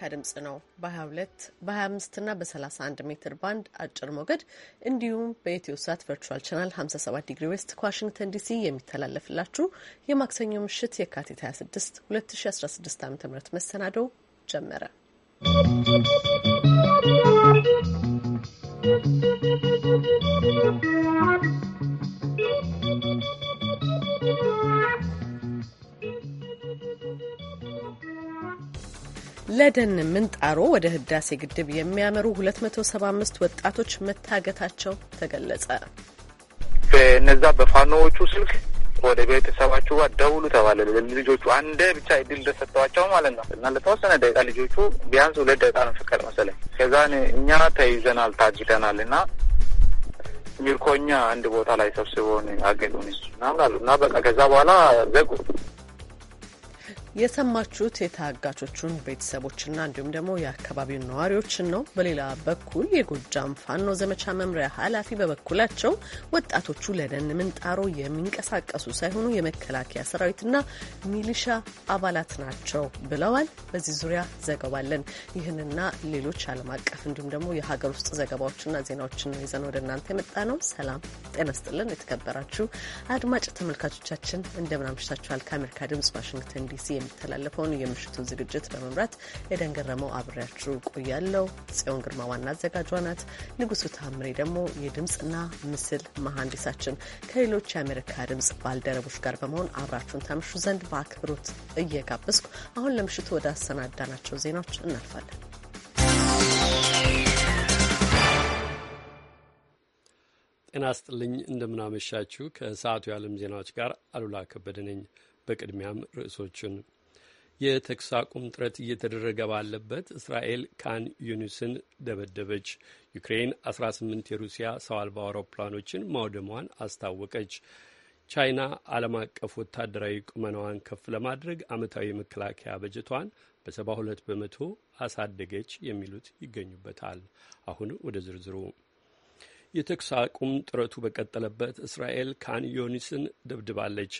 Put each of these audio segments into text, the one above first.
የአሜሪካ ድምጽ ነው። በ22 በ25 እና በ31 ሜትር ባንድ አጭር ሞገድ እንዲሁም በኢትዮ ሳት ቨርቹዋል ቻናል 57 ዲግሪ ዌስት ከዋሽንግተን ዲሲ የሚተላለፍላችሁ የማክሰኞ ምሽት የካቲት 26 2016 ዓ ም መሰናዶ ጀመረ። ¶¶ ለደን ምንጣሮ ወደ ህዳሴ ግድብ የሚያመሩ 275 ወጣቶች መታገታቸው ተገለጸ። እነዛ በፋኖዎቹ ስልክ ወደ ቤተሰባችሁ ደውሉ ተባለ። ልጆቹ አንድ ብቻ እድል እንደሰጠዋቸው ማለት ነው እና ለተወሰነ ደቂቃ ልጆቹ ቢያንስ ሁለት ደቂቃ ነው ፍቀድ መሰለኝ። ከዛን እኛ ተይዘናል፣ ታጅተናል እና ሚርኮኛ አንድ ቦታ ላይ ሰብስበውን አገዱን እና እና በቃ ከዛ በኋላ ዘጉ። የሰማችሁት የታጋቾቹን ቤተሰቦችና እንዲሁም ደግሞ የአካባቢውን ነዋሪዎችን ነው። በሌላ በኩል የጎጃም ፋኖ ዘመቻ መምሪያ ኃላፊ በበኩላቸው ወጣቶቹ ለደን ምንጣሮ የሚንቀሳቀሱ ሳይሆኑ የመከላከያ ሰራዊትና ሚሊሻ አባላት ናቸው ብለዋል። በዚህ ዙሪያ ዘገባለን። ይህንና ሌሎች ዓለም አቀፍ እንዲሁም ደግሞ የሀገር ውስጥ ዘገባዎችና ዜናዎችን ነው ይዘን ወደ እናንተ የመጣ ነው። ሰላም ጤና ስጥልን። የተከበራችሁ አድማጭ ተመልካቾቻችን እንደምናምሽታችኋል። ከአሜሪካ ድምጽ ዋሽንግተን ዲሲ የሚተላለፈውን የምሽቱን ዝግጅት በመምራት ኤደን ገረመው አብሬያችሁ ቆያለው ጽዮን ግርማ ዋና አዘጋጇ ናት። ንጉሱ ታምሬ ደግሞ የድምፅና ምስል መሐንዲሳችን ከሌሎች የአሜሪካ ድምፅ ባልደረቦች ጋር በመሆን አብራችሁን ታምሹ ዘንድ በአክብሮት እየጋበዝኩ አሁን ለምሽቱ ወደ አሰናዳናቸው ዜናዎች እናልፋለን። ጤና ስጥልኝ እንደምናመሻችሁ። ከሰዓቱ የዓለም ዜናዎች ጋር አሉላ ከበደ ነኝ። በቅድሚያም ርዕሶቹን የተኩስ አቁም ጥረት እየተደረገ ባለበት እስራኤል ካን ዩኒስን ደበደበች። ዩክሬን 18 የሩሲያ ሰው አልባ አውሮፕላኖችን ማውደሟን አስታወቀች። ቻይና ዓለም አቀፍ ወታደራዊ ቁመናዋን ከፍ ለማድረግ ዓመታዊ መከላከያ በጀቷን በ72 በመቶ አሳደገች። የሚሉት ይገኙበታል። አሁን ወደ ዝርዝሩ የተኩስ አቁም ጥረቱ በቀጠለበት እስራኤል ካን ዩኒስን ደብድባለች።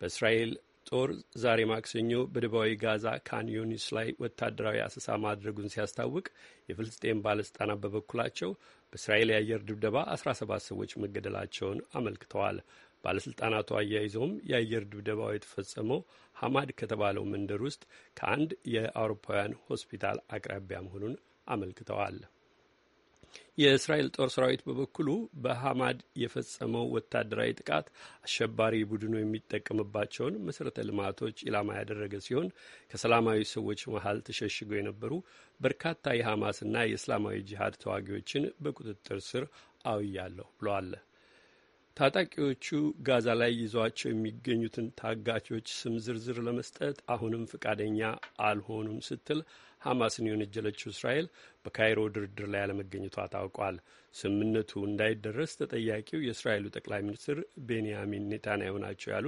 በእስራኤል ጦር ዛሬ ማክሰኞ በደቡባዊ ጋዛ ካን ዩኒስ ላይ ወታደራዊ አሰሳ ማድረጉን ሲያስታውቅ የፍልስጤን ባለስልጣናት በበኩላቸው በእስራኤል የአየር ድብደባ 17 ሰዎች መገደላቸውን አመልክተዋል። ባለስልጣናቱ አያይዘውም የአየር ድብደባው የተፈጸመው ሐማድ ከተባለው መንደር ውስጥ ከአንድ የአውሮፓውያን ሆስፒታል አቅራቢያ መሆኑን አመልክተዋል። የእስራኤል ጦር ሰራዊት በበኩሉ በሐማድ የፈጸመው ወታደራዊ ጥቃት አሸባሪ ቡድኑ የሚጠቀምባቸውን መሠረተ ልማቶች ኢላማ ያደረገ ሲሆን ከሰላማዊ ሰዎች መሀል ተሸሽገው የነበሩ በርካታ የሐማስና የእስላማዊ ጂሃድ ተዋጊዎችን በቁጥጥር ስር አውያለሁ ብለዋል። ታጣቂዎቹ ጋዛ ላይ ይዟቸው የሚገኙትን ታጋቾች ስም ዝርዝር ለመስጠት አሁንም ፈቃደኛ አልሆኑም ስትል ሐማስን የወነጀለችው እስራኤል በካይሮ ድርድር ላይ አለመገኘቷ ታውቋል። ስምምነቱ እንዳይደረስ ተጠያቂው የእስራኤሉ ጠቅላይ ሚኒስትር ቤንያሚን ኔታንያሁ ናቸው ያሉ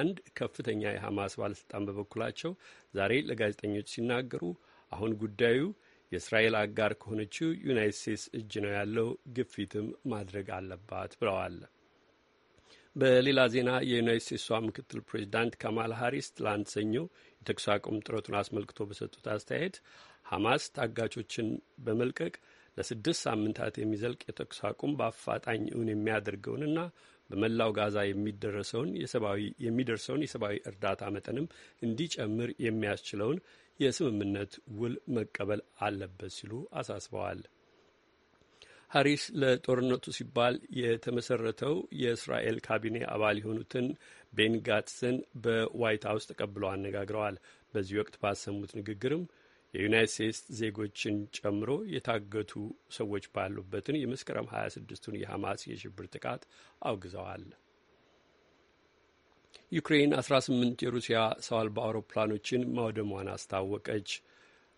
አንድ ከፍተኛ የሐማስ ባለስልጣን በበኩላቸው ዛሬ ለጋዜጠኞች ሲናገሩ አሁን ጉዳዩ የእስራኤል አጋር ከሆነችው ዩናይት ስቴትስ እጅ ነው ያለው፣ ግፊትም ማድረግ አለባት ብለዋል። በሌላ ዜና የዩናይት ስቴትሷ ምክትል ፕሬዚዳንት ካማል ሀሪስ ትላንት ሰኞ የተኩስ አቁም ጥረቱን አስመልክቶ በሰጡት አስተያየት ሐማስ ታጋቾችን በመልቀቅ ለስድስት ሳምንታት የሚዘልቅ የተኩስ አቁም በአፋጣኝ እውን የሚያደርገውንና በመላው ጋዛ የሚደረሰውን የሚደርሰውን የሰብአዊ እርዳታ መጠንም እንዲጨምር የሚያስችለውን የስምምነት ውል መቀበል አለበት ሲሉ አሳስበዋል። ሀሪስ ለጦርነቱ ሲባል የተመሰረተው የእስራኤል ካቢኔ አባል የሆኑትን ቤን ጋትስን በዋይት ሀውስ ተቀብለው አነጋግረዋል። በዚህ ወቅት ባሰሙት ንግግርም የዩናይት ስቴትስ ዜጎችን ጨምሮ የታገቱ ሰዎች ባሉበትን የመስከረም 26ቱን የሐማስ የሽብር ጥቃት አውግዘዋል። ዩክሬን 18 የሩሲያ ሰው አልባ አውሮፕላኖችን ማውደሟን አስታወቀች።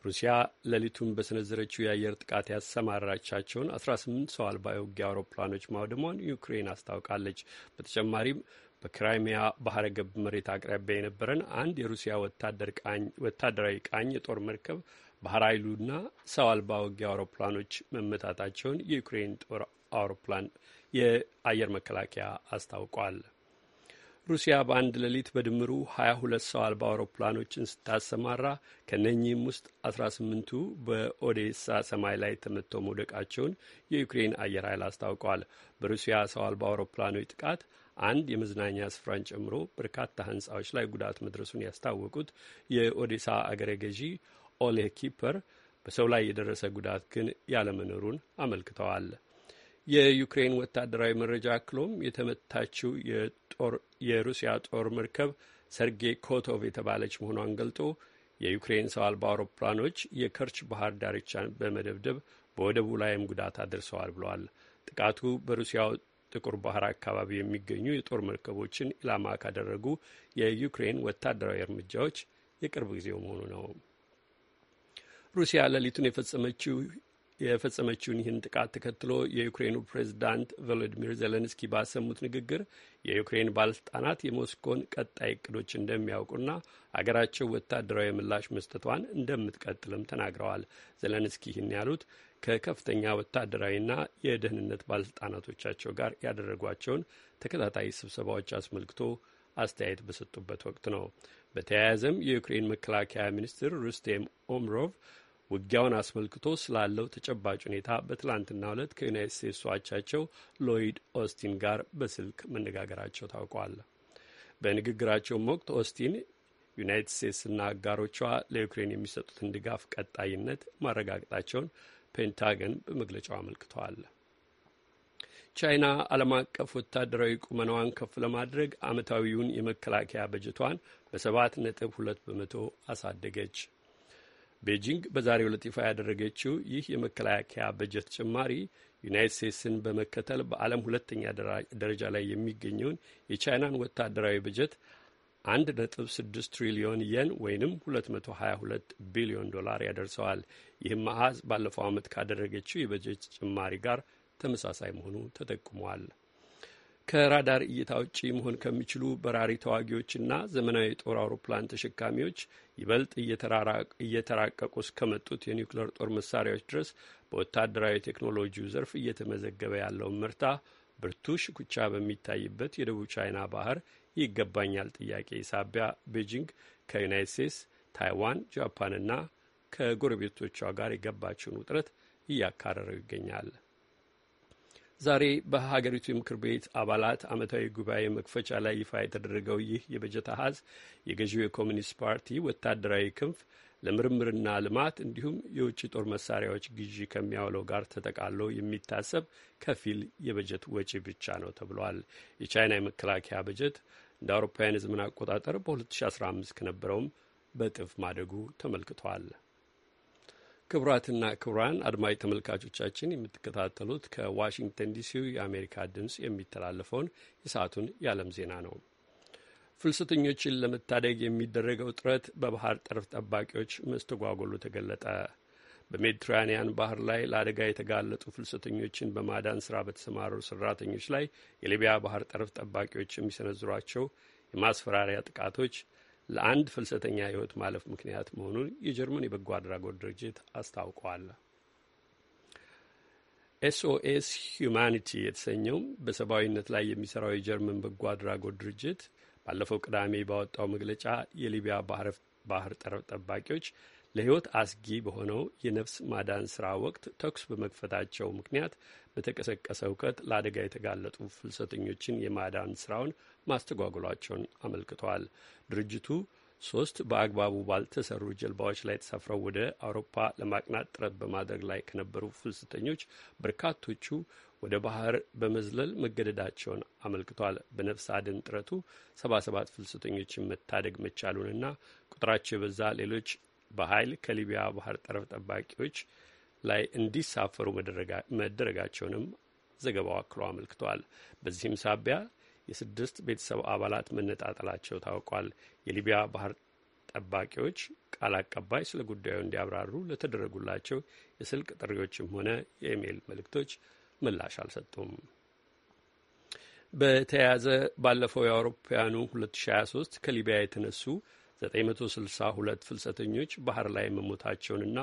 ሩሲያ ሌሊቱን በሰነዘረችው የአየር ጥቃት ያሰማራቻቸውን 18 ሰው አልባ የውጊያ አውሮፕላኖች ማውደሟን ዩክሬን አስታውቃለች። በተጨማሪም በክራይሚያ ባህረ ገብ መሬት አቅራቢያ የነበረን አንድ የሩሲያ ወታደራዊ ቃኝ የጦር መርከብ ባህር ኃይሉና ሰው አልባ ውጊያ አውሮፕላኖች መመታታቸውን የዩክሬን ጦር አውሮፕላን የአየር መከላከያ አስታውቋል። ሩሲያ በአንድ ሌሊት በድምሩ 22 ሰው አልባ አውሮፕላኖችን ስታሰማራ ከነኚህም ውስጥ 18ቱ በኦዴሳ ሰማይ ላይ ተመትተው መውደቃቸውን የዩክሬን አየር ኃይል አስታውቀዋል። በሩሲያ ሰው አልባ አውሮፕላኖች ጥቃት አንድ የመዝናኛ ስፍራን ጨምሮ በርካታ ህንፃዎች ላይ ጉዳት መድረሱን ያስታወቁት የኦዴሳ አገረ ገዢ ኦሌ ኪፐር በሰው ላይ የደረሰ ጉዳት ግን ያለመኖሩን አመልክተዋል። የዩክሬን ወታደራዊ መረጃ አክሎም የተመታችው የሩሲያ ጦር መርከብ ሰርጌይ ኮቶቭ የተባለች መሆኗን ገልጦ የዩክሬን ሰው አልባ አውሮፕላኖች የከርች ባህር ዳርቻን በመደብደብ በወደቡ ላይም ጉዳት አድርሰዋል ብለዋል። ጥቃቱ በሩሲያው ጥቁር ባህር አካባቢ የሚገኙ የጦር መርከቦችን ኢላማ ካደረጉ የዩክሬን ወታደራዊ እርምጃዎች የቅርብ ጊዜው መሆኑ ነው። ሩሲያ ሌሊቱን የፈጸመችው የፈጸመችውን ይህን ጥቃት ተከትሎ የዩክሬኑ ፕሬዝዳንት ቮሎዲሚር ዜሌንስኪ ባሰሙት ንግግር የዩክሬን ባለስልጣናት የሞስኮን ቀጣይ እቅዶች እንደሚያውቁና አገራቸው ወታደራዊ ምላሽ መስጠቷን እንደምትቀጥልም ተናግረዋል። ዜሌንስኪ ይህን ያሉት ከከፍተኛ ወታደራዊና የደህንነት ባለስልጣናቶቻቸው ጋር ያደረጓቸውን ተከታታይ ስብሰባዎች አስመልክቶ አስተያየት በሰጡበት ወቅት ነው። በተያያዘም የዩክሬን መከላከያ ሚኒስትር ሩስቴም ኦምሮቭ ውጊያውን አስመልክቶ ስላለው ተጨባጭ ሁኔታ በትላንትናው ዕለት ከዩናይት ስቴትስ አቻቸው ሎይድ ኦስቲን ጋር በስልክ መነጋገራቸው ታውቋል። በንግግራቸውም ወቅት ኦስቲን ዩናይት ስቴትስና አጋሮቿ ለዩክሬን የሚሰጡትን ድጋፍ ቀጣይነት ማረጋገጣቸውን ፔንታገን በመግለጫው አመልክተዋል። ቻይና ዓለም አቀፍ ወታደራዊ ቁመናዋን ከፍ ለማድረግ ዓመታዊውን የመከላከያ በጀቷን በሰባት ነጥብ ሁለት በመቶ አሳደገች። ቤጂንግ በዛሬው ዕለት ይፋ ያደረገችው ይህ የመከላከያ በጀት ጭማሪ ዩናይት ስቴትስን በመከተል በዓለም ሁለተኛ ደረጃ ላይ የሚገኘውን የቻይናን ወታደራዊ በጀት አንድ ነጥብ ስድስት ትሪሊዮን የን ወይም 222 ቢሊዮን ዶላር ያደርሰዋል። ይህም አሀዝ ባለፈው ዓመት ካደረገችው የበጀት ጭማሪ ጋር ተመሳሳይ መሆኑ ተጠቁሟል። ከራዳር እይታ ውጪ መሆን ከሚችሉ በራሪ ተዋጊዎችና ዘመናዊ የጦር አውሮፕላን ተሸካሚዎች ይበልጥ እየተራቀቁ እስከመጡት የኒውክሌር ጦር መሳሪያዎች ድረስ በወታደራዊ ቴክኖሎጂው ዘርፍ እየተመዘገበ ያለውን ምርታ ብርቱ ሽኩቻ በሚታይበት የደቡብ ቻይና ባህር ይገባኛል ጥያቄ ሳቢያ ቤጂንግ ከዩናይት ስቴትስ፣ ታይዋን፣ ጃፓንና ከጎረቤቶቿ ጋር የገባቸውን ውጥረት እያካረረው ይገኛል። ዛሬ በሀገሪቱ የምክር ቤት አባላት ዓመታዊ ጉባኤ መክፈቻ ላይ ይፋ የተደረገው ይህ የበጀት አሀዝ የገዢው የኮሚኒስት ፓርቲ ወታደራዊ ክንፍ ለምርምርና ልማት እንዲሁም የውጭ ጦር መሳሪያዎች ግዢ ከሚያውለው ጋር ተጠቃሎ የሚታሰብ ከፊል የበጀት ወጪ ብቻ ነው ተብሏል። የቻይና የመከላከያ በጀት እንደ አውሮፓውያን የዘመን አቆጣጠር በ2015 ከነበረውም በእጥፍ ማደጉ ተመልክቷል። ክቡራትና ክቡራን አድማጭ ተመልካቾቻችን የምትከታተሉት ከዋሽንግተን ዲሲው የአሜሪካ ድምፅ የሚተላለፈውን የሰዓቱን የዓለም ዜና ነው። ፍልሰተኞችን ለመታደግ የሚደረገው ጥረት በባህር ጠረፍ ጠባቂዎች መስተጓጎሉ ተገለጠ። በሜዲትራኒያን ባህር ላይ ለአደጋ የተጋለጡ ፍልሰተኞችን በማዳን ስራ በተሰማሩ ሰራተኞች ላይ የሊቢያ ባህር ጠረፍ ጠባቂዎች የሚሰነዝሯቸው የማስፈራሪያ ጥቃቶች ለአንድ ፍልሰተኛ ሕይወት ማለፍ ምክንያት መሆኑን የጀርመን የበጎ አድራጎት ድርጅት አስታውቋል። ኤስኦኤስ ሁማኒቲ የተሰኘውም በሰብአዊነት ላይ የሚሰራው የጀርመን በጎ አድራጎት ድርጅት ባለፈው ቅዳሜ ባወጣው መግለጫ የሊቢያ ባህር ጠረፍ ጠባቂዎች ለሕይወት አስጊ በሆነው የነፍስ ማዳን ስራ ወቅት ተኩስ በመክፈታቸው ምክንያት በተቀሰቀሰ እውቀት ለአደጋ የተጋለጡ ፍልሰተኞችን የማዳን ስራውን ማስተጓጉሏቸውን አመልክተዋል። ድርጅቱ ሶስት በአግባቡ ባልተሰሩ ጀልባዎች ላይ ተሳፍረው ወደ አውሮፓ ለማቅናት ጥረት በማድረግ ላይ ከነበሩ ፍልሰተኞች በርካቶቹ ወደ ባህር በመዝለል መገደዳቸውን አመልክቷል። በነፍስ አድን ጥረቱ ሰባ ሰባት ፍልሰተኞችን መታደግ መቻሉንና ቁጥራቸው የበዛ ሌሎች በኃይል ከሊቢያ ባህር ጠረፍ ጠባቂዎች ላይ እንዲሳፈሩ መደረጋቸውንም ዘገባው አክሎ አመልክቷል። በዚህም ሳቢያ የስድስት ቤተሰብ አባላት መነጣጠላቸው ታውቋል። የሊቢያ ባህር ጠባቂዎች ቃል አቀባይ ስለ ጉዳዩ እንዲያብራሩ ለተደረጉላቸው የስልክ ጥሪዎችም ሆነ የኢሜይል መልእክቶች ምላሽ አልሰጡም። በተያያዘ ባለፈው የአውሮፓውያኑ 2023 ከሊቢያ የተነሱ 962 ፍልሰተኞች ባህር ላይ መሞታቸውንና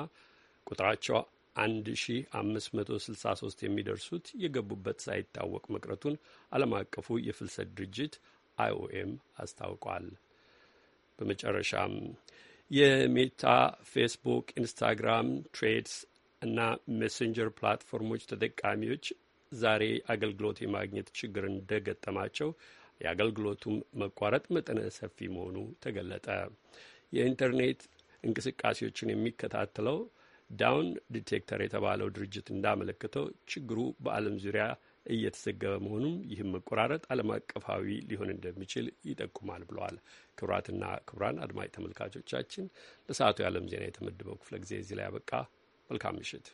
ቁጥራቸው 1563 የሚደርሱት የገቡበት ሳይታወቅ መቅረቱን ዓለም አቀፉ የፍልሰት ድርጅት አይኦኤም አስታውቋል። በመጨረሻም የሜታ ፌስቡክ፣ ኢንስታግራም፣ ትሬድስ እና ሜሴንጀር ፕላትፎርሞች ተጠቃሚዎች ዛሬ አገልግሎት የማግኘት ችግር እንደገጠማቸው የአገልግሎቱም መቋረጥ መጠነ ሰፊ መሆኑ ተገለጠ። የኢንተርኔት እንቅስቃሴዎችን የሚከታተለው ዳውን ዲቴክተር የተባለው ድርጅት እንዳመለከተው ችግሩ በዓለም ዙሪያ እየተዘገበ መሆኑም ይህም መቆራረጥ ዓለም አቀፋዊ ሊሆን እንደሚችል ይጠቁማል ብለዋል። ክቡራትና ክቡራን አድማጭ ተመልካቾቻችን ለሰዓቱ የዓለም ዜና የተመደበው ክፍለ ጊዜ እዚህ ላይ ያበቃ። መልካም ምሽት።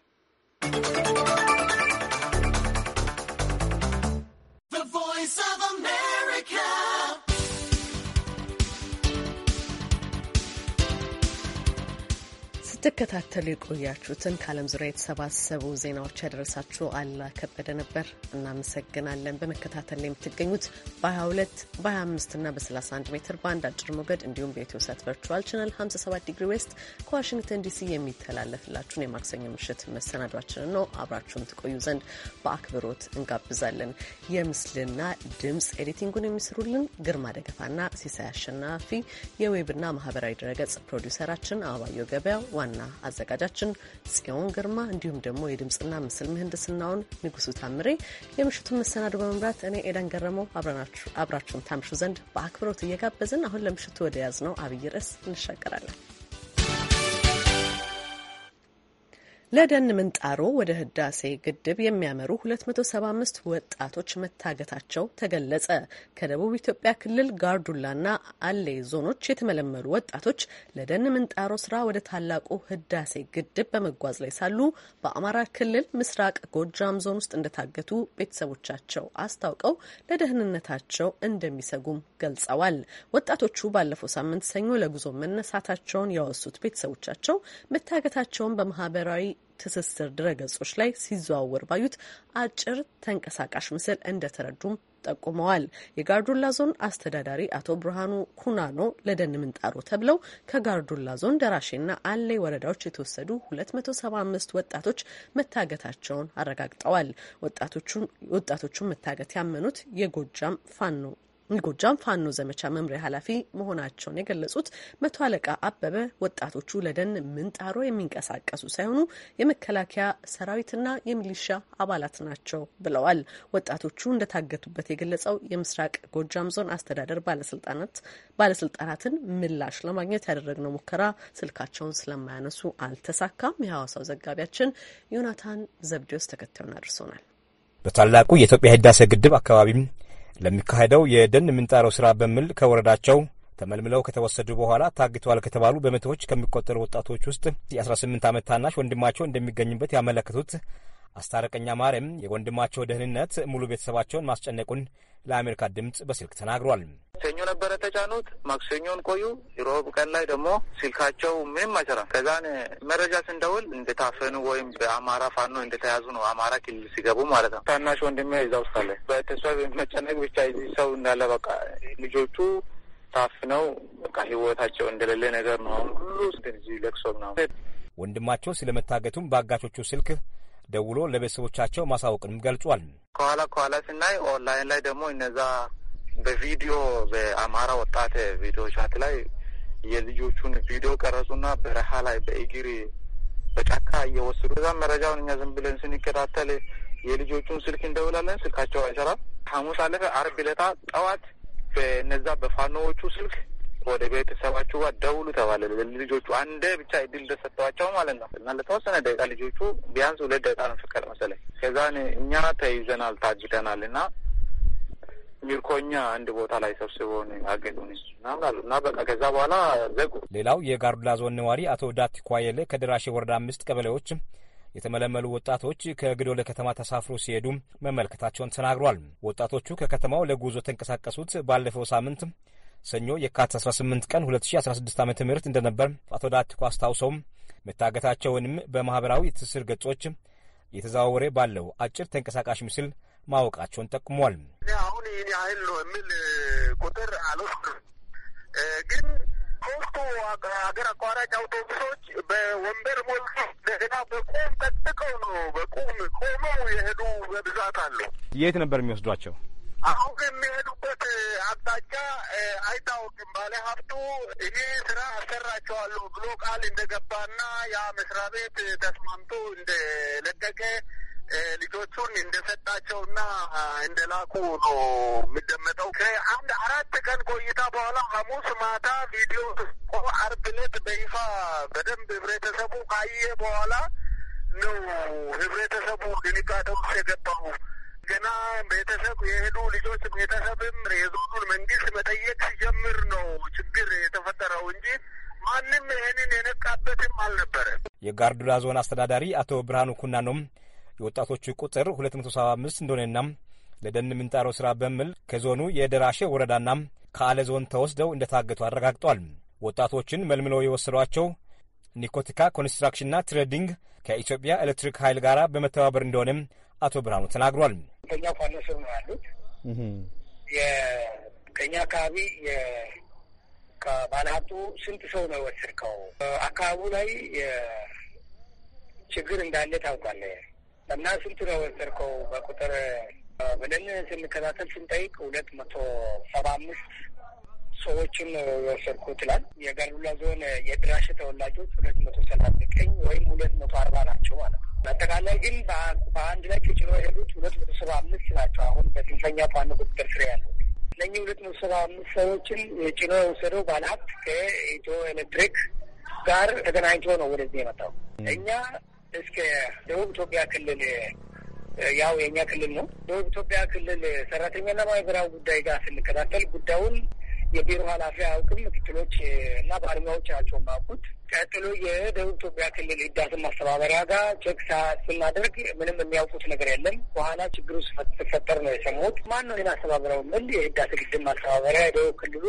ስትከታተሉ የቆያችሁትን ከዓለም ዙሪያ የተሰባሰቡ ዜናዎች ያደረሳችሁ አላ ከበደ ነበር። እናመሰግናለን። በመከታተል ላይ የምትገኙት በ22 በ25 እና በ31 ሜትር ባንድ አጭር ሞገድ እንዲሁም በኢትዮ ሳት ቨርቹዋል ቻናል 57 ዲግሪ ዌስት ከዋሽንግተን ዲሲ የሚተላለፍላችሁን የማክሰኞ ምሽት መሰናዷችንን ነው። አብራችሁን ትቆዩ ዘንድ በአክብሮት እንጋብዛለን። የምስልና ድምፅ ኤዲቲንጉን የሚሰሩልን ግርማ ደገፋና ሲሳይ አሸናፊ፣ የዌብና ማህበራዊ ድረገጽ ፕሮዲውሰራችን አበባየሁ ገበያ ዋና አዘጋጃችን ጽዮን ግርማ፣ እንዲሁም ደግሞ የድምፅና ምስል ምህንድስናውን ንጉሱ ታምሬ፣ የምሽቱን መሰናዶ በመምራት እኔ ኤደን ገረመው አብራችሁን ታምሹ ዘንድ በአክብሮት እየጋበዝን አሁን ለምሽቱ ወደ ያዝ ነው አብይ ርዕስ እንሻገራለን። ለደን ምንጣሮ ወደ ህዳሴ ግድብ የሚያመሩ 275 ወጣቶች መታገታቸው ተገለጸ። ከደቡብ ኢትዮጵያ ክልል ጋርዱላና አሌ ዞኖች የተመለመሉ ወጣቶች ለደን ምንጣሮ ስራ ወደ ታላቁ ህዳሴ ግድብ በመጓዝ ላይ ሳሉ በአማራ ክልል ምስራቅ ጎጃም ዞን ውስጥ እንደታገቱ ቤተሰቦቻቸው አስታውቀው ለደህንነታቸው እንደሚሰጉም ገልጸዋል። ወጣቶቹ ባለፈው ሳምንት ሰኞ ለጉዞ መነሳታቸውን ያወሱት ቤተሰቦቻቸው መታገታቸውን በማህበራዊ ትስስር ድረገጾች ላይ ሲዘዋወር ባዩት አጭር ተንቀሳቃሽ ምስል እንደተረዱም ጠቁመዋል። የጋርዱላ ዞን አስተዳዳሪ አቶ ብርሃኑ ኩናኖ ለደን ምንጣሮ ተብለው ከጋርዱላ ዞን ደራሼና አሌ ወረዳዎች የተወሰዱ 275 ወጣቶች መታገታቸውን አረጋግጠዋል። ወጣቶቹን መታገት ያመኑት የጎጃም ፋኖ የጎጃም ፋኖ ዘመቻ መምሪያ ኃላፊ መሆናቸውን የገለጹት መቶ አለቃ አበበ ወጣቶቹ ለደን ምንጣሮ የሚንቀሳቀሱ ሳይሆኑ የመከላከያ ሰራዊትና የሚሊሻ አባላት ናቸው ብለዋል። ወጣቶቹ እንደታገቱበት የገለጸው የምስራቅ ጎጃም ዞን አስተዳደር ባለስልጣናት ባለስልጣናትን ምላሽ ለማግኘት ያደረግነው ሙከራ ስልካቸውን ስለማያነሱ አልተሳካም። የሐዋሳው ዘጋቢያችን ዮናታን ዘብዴዎስ ተከታዩን አድርሶናል። በታላቁ የኢትዮጵያ ህዳሴ ግድብ አካባቢም ለሚካሄደው የደን ምንጣረው ስራ በሚል ከወረዳቸው ተመልምለው ከተወሰዱ በኋላ ታግተዋል ከተባሉ በመቶዎች ከሚቆጠሩ ወጣቶች ውስጥ የ18 ዓመት ታናሽ ወንድማቸው እንደሚገኝበት ያመለከቱት አስታረቀኛ ማርያም የወንድማቸው ደህንነት ሙሉ ቤተሰባቸውን ማስጨነቁን ለአሜሪካ ድምፅ በስልክ ተናግሯል። ሰኞ ነበረ ተጫኑት። ማክሰኞን ቆዩ። ሮብ ቀን ላይ ደግሞ ስልካቸው ምንም አይሰራም። ከዛን መረጃ ስንደውል እንደታፈኑ ወይም በአማራ ፋኖ እንደተያዙ ነው። አማራ ክልል ሲገቡ ማለት ነው። ታናሽ ወንድሜ እዛ ውስጥ አለ። በተስፋ መጨነቅ ብቻ ሰው እንዳለ በቃ ልጆቹ ታፍነው በቃ ህይወታቸው እንደሌለ ነገር ነው። አሁን ሁሉ ለቅሶ ነው። ወንድማቸው ስለመታገቱም በአጋቾቹ ስልክ ደውሎ ለቤተሰቦቻቸው ማሳወቅንም ገልጿል። ከኋላ ከኋላ ስናይ ኦንላይን ላይ ደግሞ እነዛ በቪዲዮ በአማራ ወጣት ቪዲዮ ቻት ላይ የልጆቹን ቪዲዮ ቀረጹና በረሃ ላይ በእግር በጫካ እየወሰዱ እዛ መረጃውን እኛ ዝም ብለን ስንከታተል የልጆቹን ስልክ እንደውላለን። ስልካቸው አይሰራም። ሐሙስ አለፈ። አርብ ለታ ጠዋት በነዛ በፋኖዎቹ ስልክ ወደ ቤተሰባችሁ ደውሉ ተባለ። ልጆቹ አንዴ ብቻ እድል ተሰጥተዋቸው ማለት ነው እና ለተወሰነ ደቂቃ ልጆቹ ቢያንስ ሁለት ደቂቃ ነው ፍቅር መሰለኝ። ከዛን እኛ ተይዘናል፣ ታጅደናል እና ሚርኮኛ አንድ ቦታ ላይ ሰብስቦን አገዱን እና በቃ ከዛ በኋላ ዘጉ። ሌላው የጋርዱላ ዞን ነዋሪ አቶ ዳቲ ኳየለ ከደራሼ ወረዳ አምስት ቀበሌዎች የተመለመሉ ወጣቶች ከግዶለ ከተማ ተሳፍሮ ሲሄዱ መመልከታቸውን ተናግሯል። ወጣቶቹ ከከተማው ለጉዞ ተንቀሳቀሱት ባለፈው ሳምንት ሰኞ የካቲት 18 ቀን 2016 ዓ ም እንደነበር አቶ ዳትኮ አስታውሰውም መታገታቸውንም በማኅበራዊ ትስስር ገጾች የተዘዋወረ ባለው አጭር ተንቀሳቃሽ ምስል ማወቃቸውን ጠቁሟል። አሁን ይህን ያህል ነው የሚል ቁጥር አልወስድም፣ ግን ሶስቱ ሀገር አቋራጭ አውቶቡሶች በወንበር ሞልቶ ደህና በቁም ጠጥቀው ነው በቁም ቆመው የሄዱ በብዛት አሉ። የት ነበር የሚወስዷቸው? አይታወቅም። ሀብቱ ይሄ ስራ አሰራቸዋለሁ ብሎ ቃል እንደገባና ያ መስሪያ ቤት ተስማምቶ እንደለቀቀ ልጆቹን እንደሰጣቸውና እንደላኩ ነው የምደመጠው። ከአንድ አራት ቀን ቆይታ በኋላ ሐሙስ ማታ ቪዲዮ አርብ ዕለት በይፋ በደንብ ህብረተሰቡ ካየ በኋላ ነው ህብረተሰቡ ድንጋጤ ውስጥ የገባው። ገና ቤተሰብ የሄዱ ልጆች ቤተሰብም የዞኑን መንግስት መጠየቅ ሲጀምር ነው ችግር የተፈጠረው እንጂ ማንም ይህንን የነቃበትም አልነበረም። የጋርዱላ ዞን አስተዳዳሪ አቶ ብርሃኑ ኩናኖም የወጣቶቹ ቁጥር 275 እንደሆነና ለደን ምንጣሮ ስራ በሚል ከዞኑ የደራሼ ወረዳና ከአለ ዞን ተወስደው እንደታገቱ አረጋግጧል። ወጣቶችን መልምለው የወሰዷቸው ኒኮቲካ ኮንስትራክሽንና ትሬዲንግ ከኢትዮጵያ ኤሌክትሪክ ኃይል ጋር በመተባበር እንደሆነ አቶ ብርሃኑ ተናግሯል። ከኛ ፋኖ ስር ነው ያሉት። ከኛ አካባቢ ከባለሀብቱ ስንት ሰው ነው የወሰድከው? አካባቢው ላይ ችግር እንዳለ ታውቃለ? እና ስንት ነው የወሰድከው በቁጥር ብለን ስንከታተል ስንጠይቅ ሁለት መቶ ሰባ አምስት ሰዎችን ነው የወሰድኩት ይላል። የጋልቡላ ዞን የድራሽ ተወላጆች ሁለት መቶ ሰላሳ ዘጠኝ ወይም ሁለት መቶ አርባ ናቸው ማለት ነው። በአጠቃላይ ግን በአንድ ላይ ተጭኖ የሄዱት ሁለት መቶ ሰባ አምስት ናቸው። አሁን በስንፈኛ ፋኖ ቁጥጥር ስር ያለው እነኚህ ሁለት መቶ ሰባ አምስት ሰዎችን ጭኖ የወሰደው ባለሀብት ከኢትዮ ኤሌክትሪክ ጋር ተገናኝቶ ነው ወደዚህ የመጣው። እኛ እስከ ደቡብ ኢትዮጵያ ክልል ያው የእኛ ክልል ነው። ደቡብ ኢትዮጵያ ክልል ሰራተኛና ማህበራዊ ጉዳይ ጋር ስንከታተል ጉዳዩን የቢሮ ኃላፊ አያውቅም። ምክትሎች እና ባለሙያዎች ናቸው ማቁት። ቀጥሎ የደቡብ ኢትዮጵያ ክልል ህዳሴ ማስተባበሪያ ጋር ቼክ ስናደርግ ምንም የሚያውቁት ነገር የለም። በኋላ ችግሩ ስፈጠር ነው የሰሙት። ማን ነው አስተባበረው የህዳሴ ግድብ ማስተባበሪያ የደቡብ ክልሉ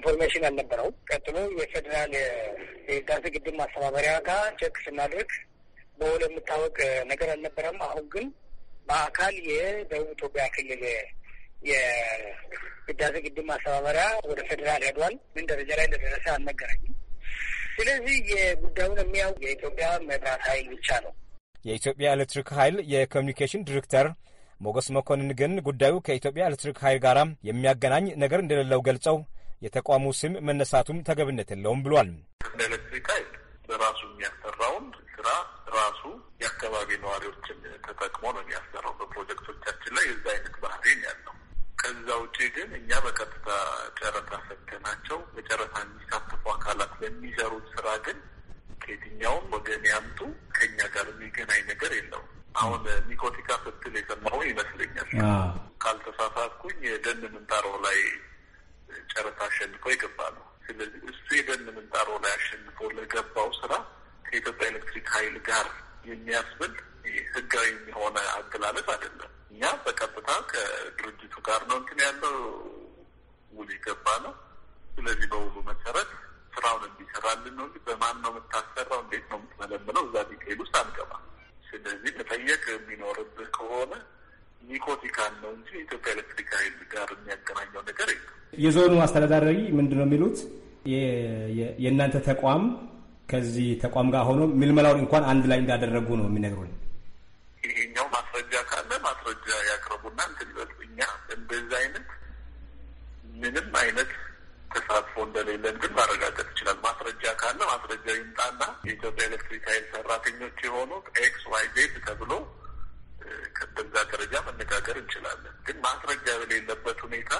ኢንፎርሜሽን አልነበረው። ቀጥሎ የፌዴራል የህዳሴ ግድብ ማስተባበሪያ ጋር ቼክ ስናደርግ በውል የሚታወቅ ነገር አልነበረም። አሁን ግን በአካል የደቡብ ኢትዮጵያ ክልል የህዳሴ ግድብ ማስተባበሪያ ወደ ፌዴራል ሄዷል። ምን ደረጃ ላይ እንደደረሰ አልነገረኝም። ስለዚህ የጉዳዩን የሚያው የኢትዮጵያ መብራት ኃይል ብቻ ነው። የኢትዮጵያ ኤሌክትሪክ ኃይል የኮሚኒኬሽን ዲሬክተር ሞገስ መኮንን ግን ጉዳዩ ከኢትዮጵያ ኤሌክትሪክ ኃይል ጋር የሚያገናኝ ነገር እንደሌለው ገልጸው የተቋሙ ስም መነሳቱም ተገብነት የለውም ብሏል። ኤሌክትሪክ ኃይል በራሱ የሚያሰራውን ስራ ራሱ የአካባቢ ነዋሪዎችን ተጠቅሞ ነው የሚያሰራው። በፕሮጀክቶቻችን ላይ የዛ አይነት ባህሪን ያለው ከዛ ውጭ ግን እኛ በቀጥታ ጨረታ ናቸው በጨረታ የሚሳተፉ አካላት በሚሰሩት ስራ ግን ከየትኛውም ወገን ያምጡ ከኛ ጋር የሚገናኝ ነገር የለውም። አሁን ኒኮቲካ ስትል የሰማሁ ይመስለኛል። ካልተሳሳትኩኝ የደን ምንጣሮ ላይ ጨረታ አሸንፎ የገባ ነው። ስለዚህ እሱ የደን ምንጣሮ ላይ አሸንፎ ለገባው ስራ ከኢትዮጵያ ኤሌክትሪክ ኃይል ጋር የሚያስብል ህጋዊ የሆነ አገላለጽ አይደለም። እኛ በቀጥታ ከድርጅቱ ጋር ነው እንትን ያለው ውል የገባ ነው። ስለዚህ በውሉ መሰረት ስራውን እንዲሰራልን ነው እንጂ በማን ነው የምታሰራው፣ እንዴት ነው የምትመለምለው፣ እዛ ዲቴል ውስጥ አንገባ። ስለዚህ መጠየቅ የሚኖርብህ ከሆነ ኒኮቲካን ነው እንጂ ኢትዮጵያ ኤሌክትሪክ ኃይል ጋር የሚያገናኘው ነገር የለም። የዞኑ አስተዳዳሪ ምንድን ነው የሚሉት? የእናንተ ተቋም ከዚህ ተቋም ጋር ሆኖ ምልመላውን እንኳን አንድ ላይ እንዳደረጉ ነው የሚነግሩን። ማስረጃ ያቅርቡና እንትን ይበሉ። እኛ እንደዚህ አይነት ምንም አይነት ተሳትፎ እንደሌለን ግን ማረጋገጥ ይችላል። ማስረጃ ካለ ማስረጃ ይምጣና የኢትዮጵያ ኤሌክትሪክ ኃይል ሰራተኞች የሆኑ ኤክስ ዋይ ዜድ ተብሎ በዛ ደረጃ መነጋገር እንችላለን። ግን ማስረጃ በሌለበት ሁኔታ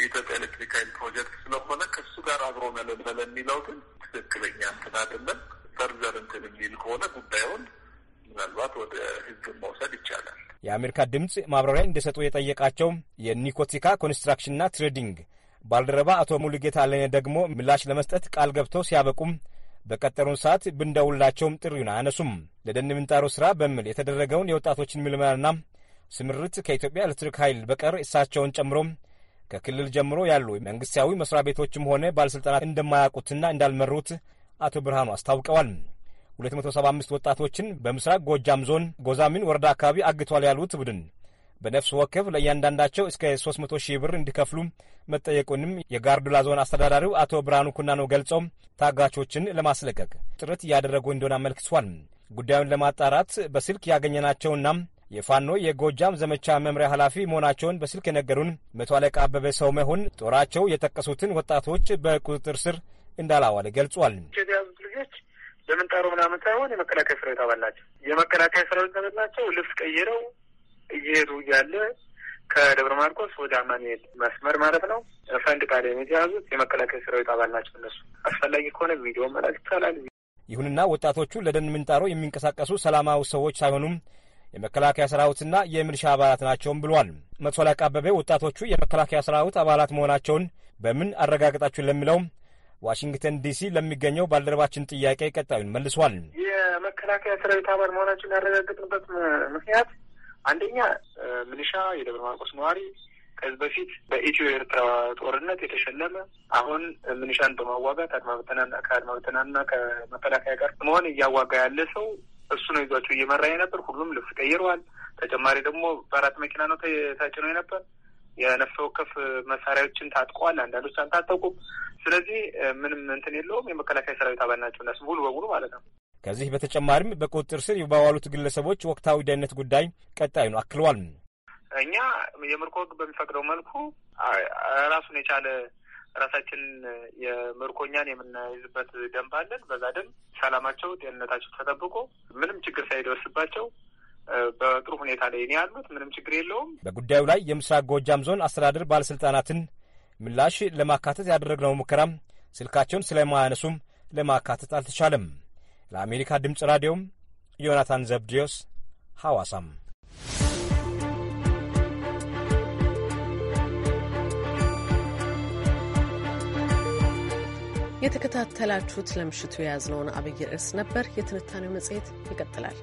የኢትዮጵያ ኤሌክትሪክ ኃይል ፕሮጀክት ስለሆነ ከሱ ጋር አብሮ መለመለ የሚለው ግን ትክክለኛ እንትን አይደለም። ፈርዘር እንትን የሚል ከሆነ ጉዳዩን ምናልባት ወደ ሕግ መውሰድ ይቻላል። የአሜሪካ ድምፅ ማብራሪያ እንዲሰጡ የጠየቃቸው የኒኮቲካ ኮንስትራክሽንና ትሬዲንግ ባልደረባ አቶ ሙሉጌታ ለኔ ደግሞ ምላሽ ለመስጠት ቃል ገብተው ሲያበቁም በቀጠሩን ሰዓት ብንደውላቸውም ጥሪውን አያነሱም። ለደን ምንጣሮ ስራ በሚል የተደረገውን የወጣቶችን ምልመላና ስምርት ከኢትዮጵያ ኤሌክትሪክ ኃይል በቀር እሳቸውን ጨምሮ ከክልል ጀምሮ ያሉ መንግስታዊ መስሪያ ቤቶችም ሆነ ባለሥልጣናት እንደማያውቁትና እንዳልመሩት አቶ ብርሃኑ አስታውቀዋል። 275 ወጣቶችን በምስራቅ ጎጃም ዞን ጎዛሚን ወረዳ አካባቢ አግቷል ያሉት ቡድን በነፍስ ወከፍ ለእያንዳንዳቸው እስከ 300 ሺህ ብር እንዲከፍሉ መጠየቁንም የጋርዱላ ዞን አስተዳዳሪው አቶ ብርሃኑ ኩናኖ ገልጸው ታጋቾችን ለማስለቀቅ ጥረት እያደረጉ እንደሆነ አመልክቷል። ጉዳዩን ለማጣራት በስልክ ያገኘናቸውና የፋኖ የጎጃም ዘመቻ መምሪያ ኃላፊ መሆናቸውን በስልክ የነገሩን መቶ አለቃ አበበ ሰው መሆን ጦራቸው የጠቀሱትን ወጣቶች በቁጥጥር ስር እንዳላዋለ ገልጿል። የተያዙት ልጆች የምንጠሩ ምናምን ሳይሆን የመከላከያ ሰራዊት አባል ናቸው። የመከላከያ ሰራዊት አባል ናቸው። ልብስ ቀይረው እየሄዱ እያለ ከደብረ ማርቆስ ወደ አማኑኤል መስመር ማለት ነው ፈንድ ቃል የተያዙት የመከላከያ ሰራዊት አባል ናቸው። እነሱ አስፈላጊ ከሆነ ቪዲዮ መላክ ይቻላል። ይሁንና ወጣቶቹ ለደን ምንጣሮ የሚንቀሳቀሱ ሰላማዊ ሰዎች ሳይሆኑም የመከላከያ ሰራዊትና የምልሻ አባላት ናቸውም ብሏል። መቶ አለቃ አበበ ወጣቶቹ የመከላከያ ሰራዊት አባላት መሆናቸውን በምን አረጋግጣችሁ ለሚለውም ዋሽንግተን ዲሲ ለሚገኘው ባልደረባችን ጥያቄ ቀጣዩን መልሷል። የመከላከያ ሰራዊት አባል መሆናችን ያረጋገጥንበት ምክንያት አንደኛ ምንሻ የደብረ ማርቆስ ነዋሪ ከዚህ በፊት በኢትዮ ኤርትራ ጦርነት የተሸለመ አሁን ምንሻን በማዋጋት አድማ ብተናና ከአድማ ብተናና ከመከላከያ ጋር መሆን እያዋጋ ያለ ሰው እሱ ነው ይዟቸው እየመራ የነበር። ሁሉም ልብስ ቀይረዋል። ተጨማሪ ደግሞ በአራት መኪና ነው ተጭኖ የነበር የነፍስ ወከፍ መሳሪያዎችን ታጥቀዋል። አንዳንዶች አልታጠቁም። ስለዚህ ምንም እንትን የለውም። የመከላከያ ሰራዊት አባል ናቸው እነሱ ሙሉ በሙሉ ማለት ነው። ከዚህ በተጨማሪም በቁጥጥር ስር የባዋሉት ግለሰቦች ወቅታዊ ደህንነት ጉዳይ ቀጣይ ነው አክለዋል። እኛ የምርኮ ህግ በሚፈቅደው መልኩ ራሱን የቻለ ራሳችን የምርኮኛን የምናይዝበት ደንብ አለን። በዛ ደንብ ሰላማቸው፣ ጤንነታቸው ተጠብቆ ምንም ችግር ሳይደርስባቸው በጥሩ ሁኔታ ላይ ነው ያሉት። ምንም ችግር የለውም። በጉዳዩ ላይ የምስራቅ ጎጃም ዞን አስተዳደር ባለስልጣናትን ምላሽ ለማካተት ያደረግነው ሙከራም ስልካቸውን ስለማያነሱም ለማካተት አልተቻለም። ለአሜሪካ ድምፅ ራዲዮም ዮናታን ዘብዲዮስ ሐዋሳም። የተከታተላችሁት ለምሽቱ የያዝነውን አብይ ርዕስ ነበር። የትንታኔው መጽሔት ይቀጥላል።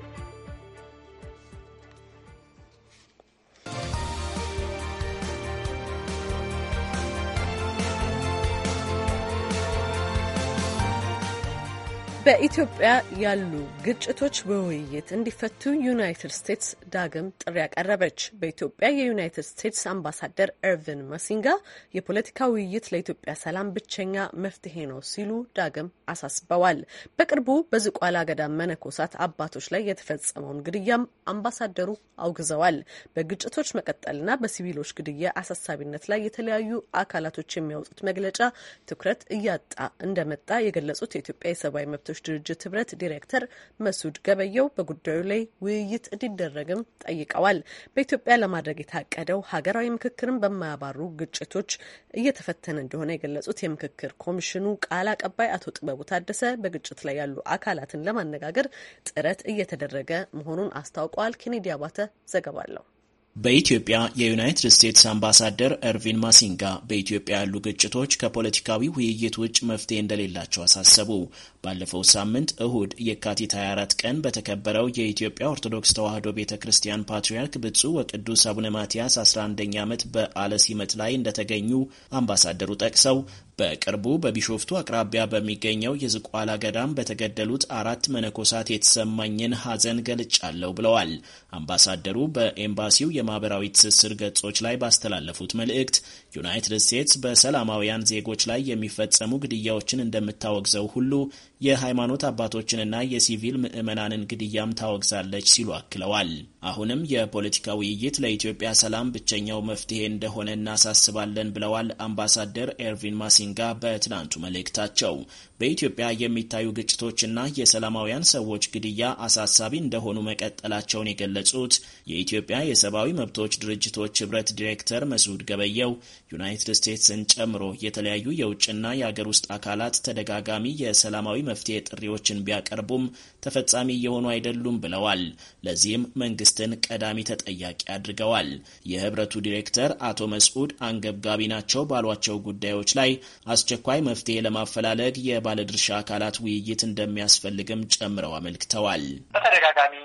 በኢትዮጵያ ያሉ ግጭቶች በውይይት እንዲፈቱ ዩናይትድ ስቴትስ ዳግም ጥሪ ያቀረበች። በኢትዮጵያ የዩናይትድ ስቴትስ አምባሳደር ኤርቪን መሲንጋ የፖለቲካ ውይይት ለኢትዮጵያ ሰላም ብቸኛ መፍትሄ ነው ሲሉ ዳግም አሳስበዋል። በቅርቡ በዝቋላ ገዳም መነኮሳት አባቶች ላይ የተፈጸመውን ግድያም አምባሳደሩ አውግዘዋል። በግጭቶች መቀጠልና በሲቪሎች ግድያ አሳሳቢነት ላይ የተለያዩ አካላቶች የሚያወጡት መግለጫ ትኩረት እያጣ እንደመጣ የገለጹት የኢትዮጵያ የሰብአዊ መብቶች የሴቶች ድርጅት ህብረት ዲሬክተር መሱድ ገበየው በጉዳዩ ላይ ውይይት እንዲደረግም ጠይቀዋል። በኢትዮጵያ ለማድረግ የታቀደው ሀገራዊ ምክክርን በማያባሩ ግጭቶች እየተፈተነ እንደሆነ የገለጹት የምክክር ኮሚሽኑ ቃል አቀባይ አቶ ጥበቡ ታደሰ በግጭት ላይ ያሉ አካላትን ለማነጋገር ጥረት እየተደረገ መሆኑን አስታውቀዋል። ኬኔዲ አባተ ዘገባ በኢትዮጵያ የዩናይትድ ስቴትስ አምባሳደር እርቪን ማሲንጋ በኢትዮጵያ ያሉ ግጭቶች ከፖለቲካዊ ውይይት ውጭ መፍትሄ እንደሌላቸው አሳሰቡ። ባለፈው ሳምንት እሁድ የካቲት 24 ቀን በተከበረው የኢትዮጵያ ኦርቶዶክስ ተዋሕዶ ቤተ ክርስቲያን ፓትርያርክ ብፁዕ ወቅዱስ አቡነ ማትያስ 11ኛ ዓመት በዓለ ሲመት ላይ እንደተገኙ አምባሳደሩ ጠቅሰው በቅርቡ በቢሾፍቱ አቅራቢያ በሚገኘው የዝቋላ ገዳም በተገደሉት አራት መነኮሳት የተሰማኝን ሐዘን ገልጫለሁ ብለዋል። አምባሳደሩ በኤምባሲው የማህበራዊ ትስስር ገጾች ላይ ባስተላለፉት መልእክት ዩናይትድ ስቴትስ በሰላማውያን ዜጎች ላይ የሚፈጸሙ ግድያዎችን እንደምታወግዘው ሁሉ የሃይማኖት አባቶችንና የሲቪል ምዕመናንን ግድያም ታወግዛለች ሲሉ አክለዋል። አሁንም የፖለቲካ ውይይት ለኢትዮጵያ ሰላም ብቸኛው መፍትሄ እንደሆነ እናሳስባለን ብለዋል አምባሳደር ኤርቪን ማሲንጋ በትናንቱ መልእክታቸው። በኢትዮጵያ የሚታዩ ግጭቶችና የሰላማውያን ሰዎች ግድያ አሳሳቢ እንደሆኑ መቀጠላቸውን የገለጹት የኢትዮጵያ የሰብአዊ መብቶች ድርጅቶች ህብረት ዲሬክተር መስዑድ ገበየው ዩናይትድ ስቴትስን ጨምሮ የተለያዩ የውጭና የአገር ውስጥ አካላት ተደጋጋሚ የሰላማዊ መፍትሄ ጥሪዎችን ቢያቀርቡም ተፈጻሚ እየሆኑ አይደሉም ብለዋል። ለዚህም መንግስትን ቀዳሚ ተጠያቂ አድርገዋል። የህብረቱ ዲሬክተር አቶ መስዑድ አንገብጋቢ ናቸው ባሏቸው ጉዳዮች ላይ አስቸኳይ መፍትሄ ለማፈላለግ የባለድርሻ አካላት ውይይት እንደሚያስፈልግም ጨምረው አመልክተዋል። በተደጋጋሚ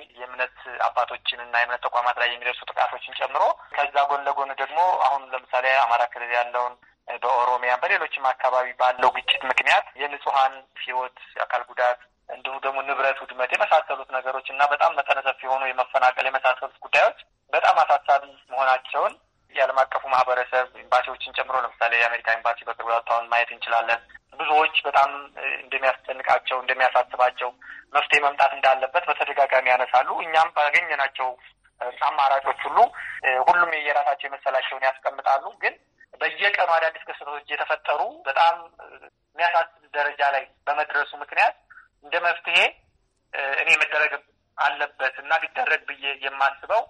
አባቶችን እና የእምነት ተቋማት ላይ የሚደርሱ ጥቃቶችን ጨምሮ ከዛ ጎን ለጎን ደግሞ አሁን ለምሳሌ አማራ ክልል ያለውን በኦሮሚያ በሌሎችም አካባቢ ባለው ግጭት ምክንያት የንጹሀን ህይወት፣ የአካል ጉዳት እንዲሁም ደግሞ ንብረት ውድመት የመሳሰሉት ነገሮች እና በጣም መጠነ ሰፊ የሆኑ የመፈናቀል የመሳሰሉት ጉዳዮች በጣም አሳሳቢ መሆናቸውን የዓለም አቀፉ ማህበረሰብ ኤምባሲዎችን ጨምሮ ለምሳሌ የአሜሪካ ኤምባሲ በቅርብ ያወጣውን ማየት እንችላለን። ብዙዎች በጣም እንደሚያስጨንቃቸው፣ እንደሚያሳስባቸው መፍትሄ መምጣት እንዳለበት በተደጋጋሚ ያነሳሉ። እኛም ባገኘናቸው አማራጮች ሁሉ ሁሉም የየራሳቸው የመሰላቸውን ያስቀምጣሉ። ግን በየቀኑ አዳዲስ ክስተቶች የተፈጠሩ በጣም የሚያሳስብ ደረጃ ላይ በመድረሱ ምክንያት እንደ መፍትሄ እኔ መደረግ አለበት እና ቢደረግ ብዬ የማስበው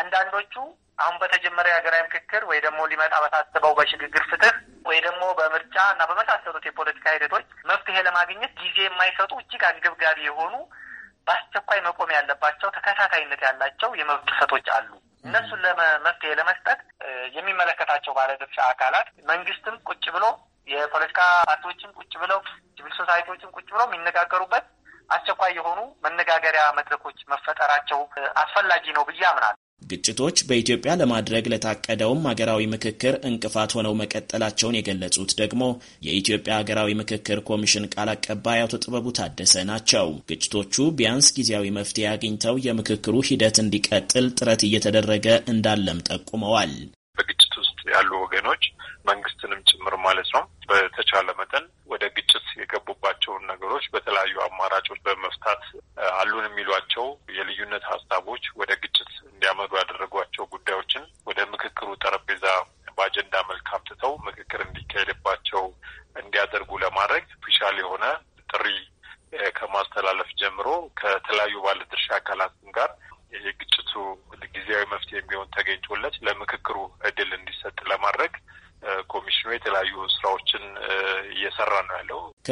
አንዳንዶቹ አሁን በተጀመረ የሀገራዊ ምክክር ወይ ደግሞ ሊመጣ በታስበው በሽግግር ፍትህ ወይ ደግሞ በምርጫ እና በመሳሰሉት የፖለቲካ ሂደቶች መፍትሄ ለማግኘት ጊዜ የማይሰጡ እጅግ አንገብጋቢ የሆኑ በአስቸኳይ መቆም ያለባቸው ተከታታይነት ያላቸው የመብት ጥሰቶች አሉ። እነሱን ለመፍትሄ ለመስጠት የሚመለከታቸው ባለድርሻ አካላት መንግስትም ቁጭ ብሎ የፖለቲካ ፓርቲዎችም ቁጭ ብለው ሲቪል ሶሳይቲዎችም ቁጭ ብለው የሚነጋገሩበት አስቸኳይ የሆኑ መነጋገሪያ መድረኮች መፈጠራቸው አስፈላጊ ነው ብዬ አምናለሁ። ግጭቶች በኢትዮጵያ ለማድረግ ለታቀደውም ሀገራዊ ምክክር እንቅፋት ሆነው መቀጠላቸውን የገለጹት ደግሞ የኢትዮጵያ ሀገራዊ ምክክር ኮሚሽን ቃል አቀባይ አቶ ጥበቡ ታደሰ ናቸው። ግጭቶቹ ቢያንስ ጊዜያዊ መፍትሄ አግኝተው የምክክሩ ሂደት እንዲቀጥል ጥረት እየተደረገ እንዳለም ጠቁመዋል። በግጭት ውስጥ ያሉ ወገኖች መንግስትንም ጭምር ማለት ነው በተቻለ መጠን ወደ ግጭት የገቡባቸውን ነገሮች በተለያዩ አማራጮች በመፍታት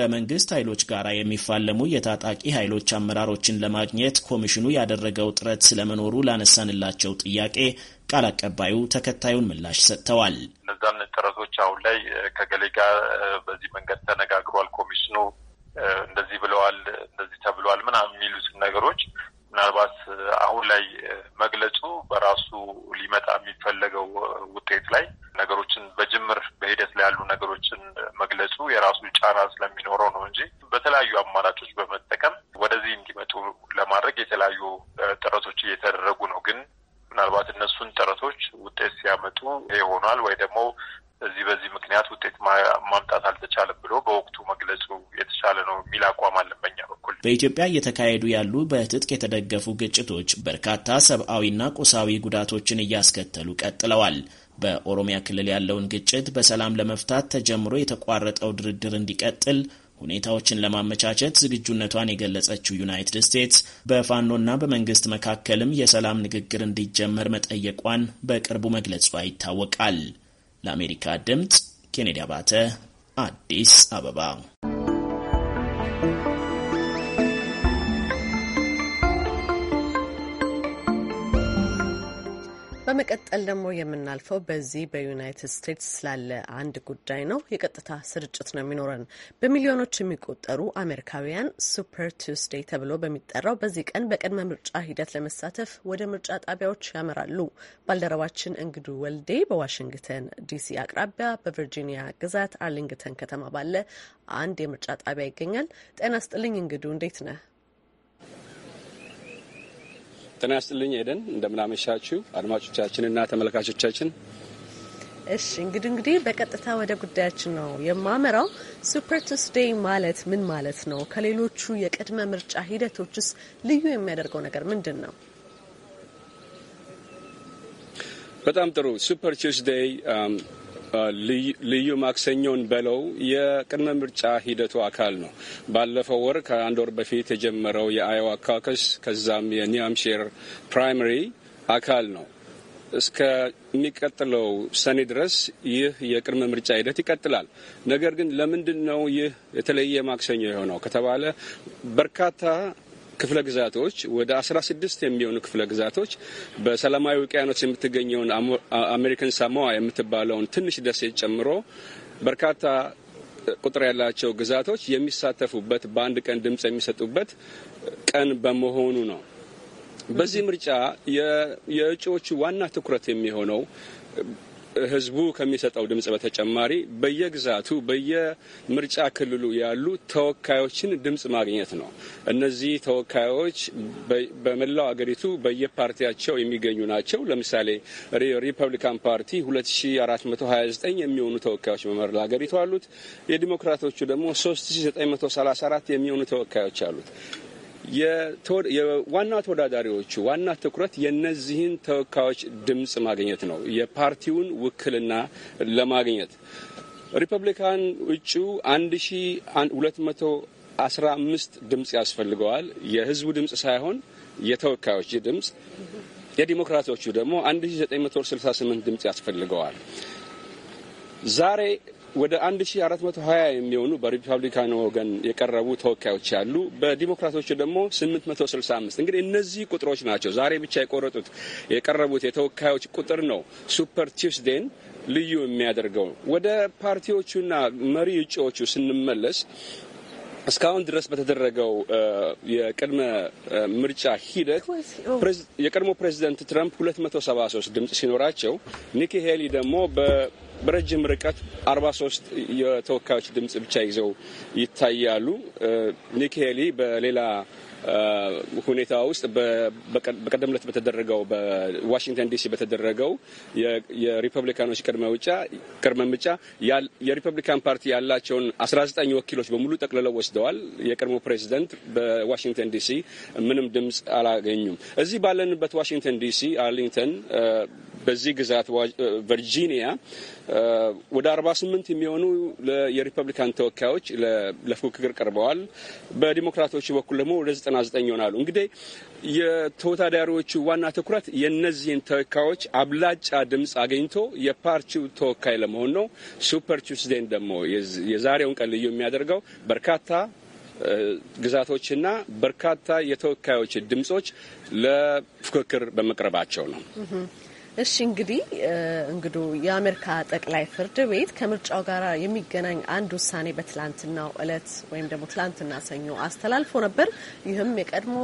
ከመንግስት ኃይሎች ጋር የሚፋለሙ የታጣቂ ኃይሎች አመራሮችን ለማግኘት ኮሚሽኑ ያደረገው ጥረት ስለመኖሩ ላነሳንላቸው ጥያቄ ቃል አቀባዩ ተከታዩን ምላሽ ሰጥተዋል። በኢትዮጵያ እየተካሄዱ ያሉ በትጥቅ የተደገፉ ግጭቶች በርካታ ሰብአዊና ቁሳዊ ጉዳቶችን እያስከተሉ ቀጥለዋል። በኦሮሚያ ክልል ያለውን ግጭት በሰላም ለመፍታት ተጀምሮ የተቋረጠው ድርድር እንዲቀጥል ሁኔታዎችን ለማመቻቸት ዝግጁነቷን የገለጸችው ዩናይትድ ስቴትስ በፋኖና በመንግስት መካከልም የሰላም ንግግር እንዲጀመር መጠየቋን በቅርቡ መግለጿ ይታወቃል። ለአሜሪካ ድምፅ ኬኔዲ አባተ አዲስ አበባ ተከትለን ደግሞ የምናልፈው በዚህ በዩናይትድ ስቴትስ ስላለ አንድ ጉዳይ ነው። የቀጥታ ስርጭት ነው የሚኖረን። በሚሊዮኖች የሚቆጠሩ አሜሪካውያን ሱፐር ቱስዴይ ተብሎ በሚጠራው በዚህ ቀን በቅድመ ምርጫ ሂደት ለመሳተፍ ወደ ምርጫ ጣቢያዎች ያመራሉ። ባልደረባችን እንግዱ ወልዴ በዋሽንግተን ዲሲ አቅራቢያ በቨርጂኒያ ግዛት አርሊንግተን ከተማ ባለ አንድ የምርጫ ጣቢያ ይገኛል። ጤና ስጥልኝ እንግዱ፣ እንዴት ነህ? ጤና ያስጥልኝ ኤደን፣ እንደምናመሻችሁ አድማጮቻችንና ተመልካቾቻችን። እሺ እንግዲህ እንግዲህ በቀጥታ ወደ ጉዳያችን ነው የማመራው። ሱፐር ቱስዴይ ማለት ምን ማለት ነው? ከሌሎቹ የቅድመ ምርጫ ሂደቶችስ ልዩ የሚያደርገው ነገር ምንድን ነው? በጣም ጥሩ ሱፐር ቱስዴይ ልዩ ማክሰኞን በለው የቅድመ ምርጫ ሂደቱ አካል ነው። ባለፈው ወር ከአንድ ወር በፊት የጀመረው የአዮዋ ካውከስ ከዛም የኒውሃምሽር ፕራይመሪ አካል ነው። እስከሚቀጥለው ሰኔ ድረስ ይህ የቅድመ ምርጫ ሂደት ይቀጥላል። ነገር ግን ለምንድን ነው ይህ የተለየ ማክሰኞ የሆነው ከተባለ በርካታ ክፍለ ግዛቶች ወደ 16 የሚሆኑ ክፍለ ግዛቶች በሰላማዊ ውቅያኖስ የምትገኘውን አሜሪካን ሳሞዋ የምትባለውን ትንሽ ደሴት ጨምሮ በርካታ ቁጥር ያላቸው ግዛቶች የሚሳተፉበት በአንድ ቀን ድምፅ የሚሰጡበት ቀን በመሆኑ ነው። በዚህ ምርጫ የእጩዎቹ ዋና ትኩረት የሚሆነው ህዝቡ ከሚሰጠው ድምጽ በተጨማሪ በየግዛቱ በየምርጫ ክልሉ ያሉ ተወካዮችን ድምጽ ማግኘት ነው። እነዚህ ተወካዮች በመላው አገሪቱ በየፓርቲያቸው የሚገኙ ናቸው። ለምሳሌ ሪፐብሊካን ፓርቲ 2429 የሚሆኑ ተወካዮች በመላ አገሪቱ አሉት። የዲሞክራቶቹ ደግሞ 3934 የሚሆኑ ተወካዮች አሉት። ዋና ተወዳዳሪዎቹ ዋና ትኩረት የእነዚህን ተወካዮች ድምፅ ማግኘት ነው፣ የፓርቲውን ውክልና ለማግኘት ሪፐብሊካን እጩ 1215 ድምፅ ያስፈልገዋል። የህዝቡ ድምፅ ሳይሆን የተወካዮች ድምፅ። የዲሞክራቶቹ ደግሞ 1968 ድምፅ ያስፈልገዋል። ዛሬ ወደ 1420 የሚሆኑ በሪፐብሊካን ወገን የቀረቡ ተወካዮች ያሉ፣ በዲሞክራቶች ደግሞ 865 እንግዲህ እነዚህ ቁጥሮች ናቸው ዛሬ ብቻ የቆረጡት የቀረቡት የተወካዮች ቁጥር ነው ሱፐር ቲውስዴን ልዩ የሚያደርገው። ወደ ፓርቲዎቹና መሪ እጩዎቹ ስንመለስ እስካሁን ድረስ በተደረገው የቅድመ ምርጫ ሂደት የቀድሞ ፕሬዚደንት ትራምፕ 273 ድምጽ ሲኖራቸው ኒኪ ሄሊ ደግሞ በረጅም ርቀት 43 የተወካዮች ድምፅ ብቻ ይዘው ይታያሉ። ኒክ ሄሊ በሌላ ሁኔታ ውስጥ በቀደም ዕለት በተደረገው በዋሽንግተን ዲሲ በተደረገው የሪፐብሊካኖች ቅድመ ምጫ የሪፐብሊካን ፓርቲ ያላቸውን 19 ወኪሎች በሙሉ ጠቅልለው ወስደዋል። የቀድሞ ፕሬዚደንት በዋሽንግተን ዲሲ ምንም ድምፅ አላገኙም። እዚህ ባለንበት ዋሽንግተን ዲሲ፣ አርሊንግተን፣ በዚህ ግዛት ቨርጂኒያ ወደ አርባ ስምንት የሚሆኑ የሪፐብሊካን ተወካዮች ለፉክክር ቀርበዋል። በዲሞክራቶች በኩል ደግሞ ወደ ዘጠና ዘጠኝ ይሆናሉ። እንግዲህ የተወዳዳሪዎቹ ዋና ትኩረት የእነዚህን ተወካዮች አብላጫ ድምፅ አግኝቶ የፓርቲው ተወካይ ለመሆን ነው። ሱፐር ቱስዴን ደግሞ የዛሬውን ቀን ልዩ የሚያደርገው በርካታ ግዛቶችና በርካታ የተወካዮች ድምጾች ለፉክክር በመቅረባቸው ነው። እሺ እንግዲህ እንግዶ የአሜሪካ ጠቅላይ ፍርድ ቤት ከምርጫው ጋር የሚገናኝ አንድ ውሳኔ በትላንትናው እለት ወይም ደግሞ ትላንትና ሰኞ አስተላልፎ ነበር። ይህም የቀድሞ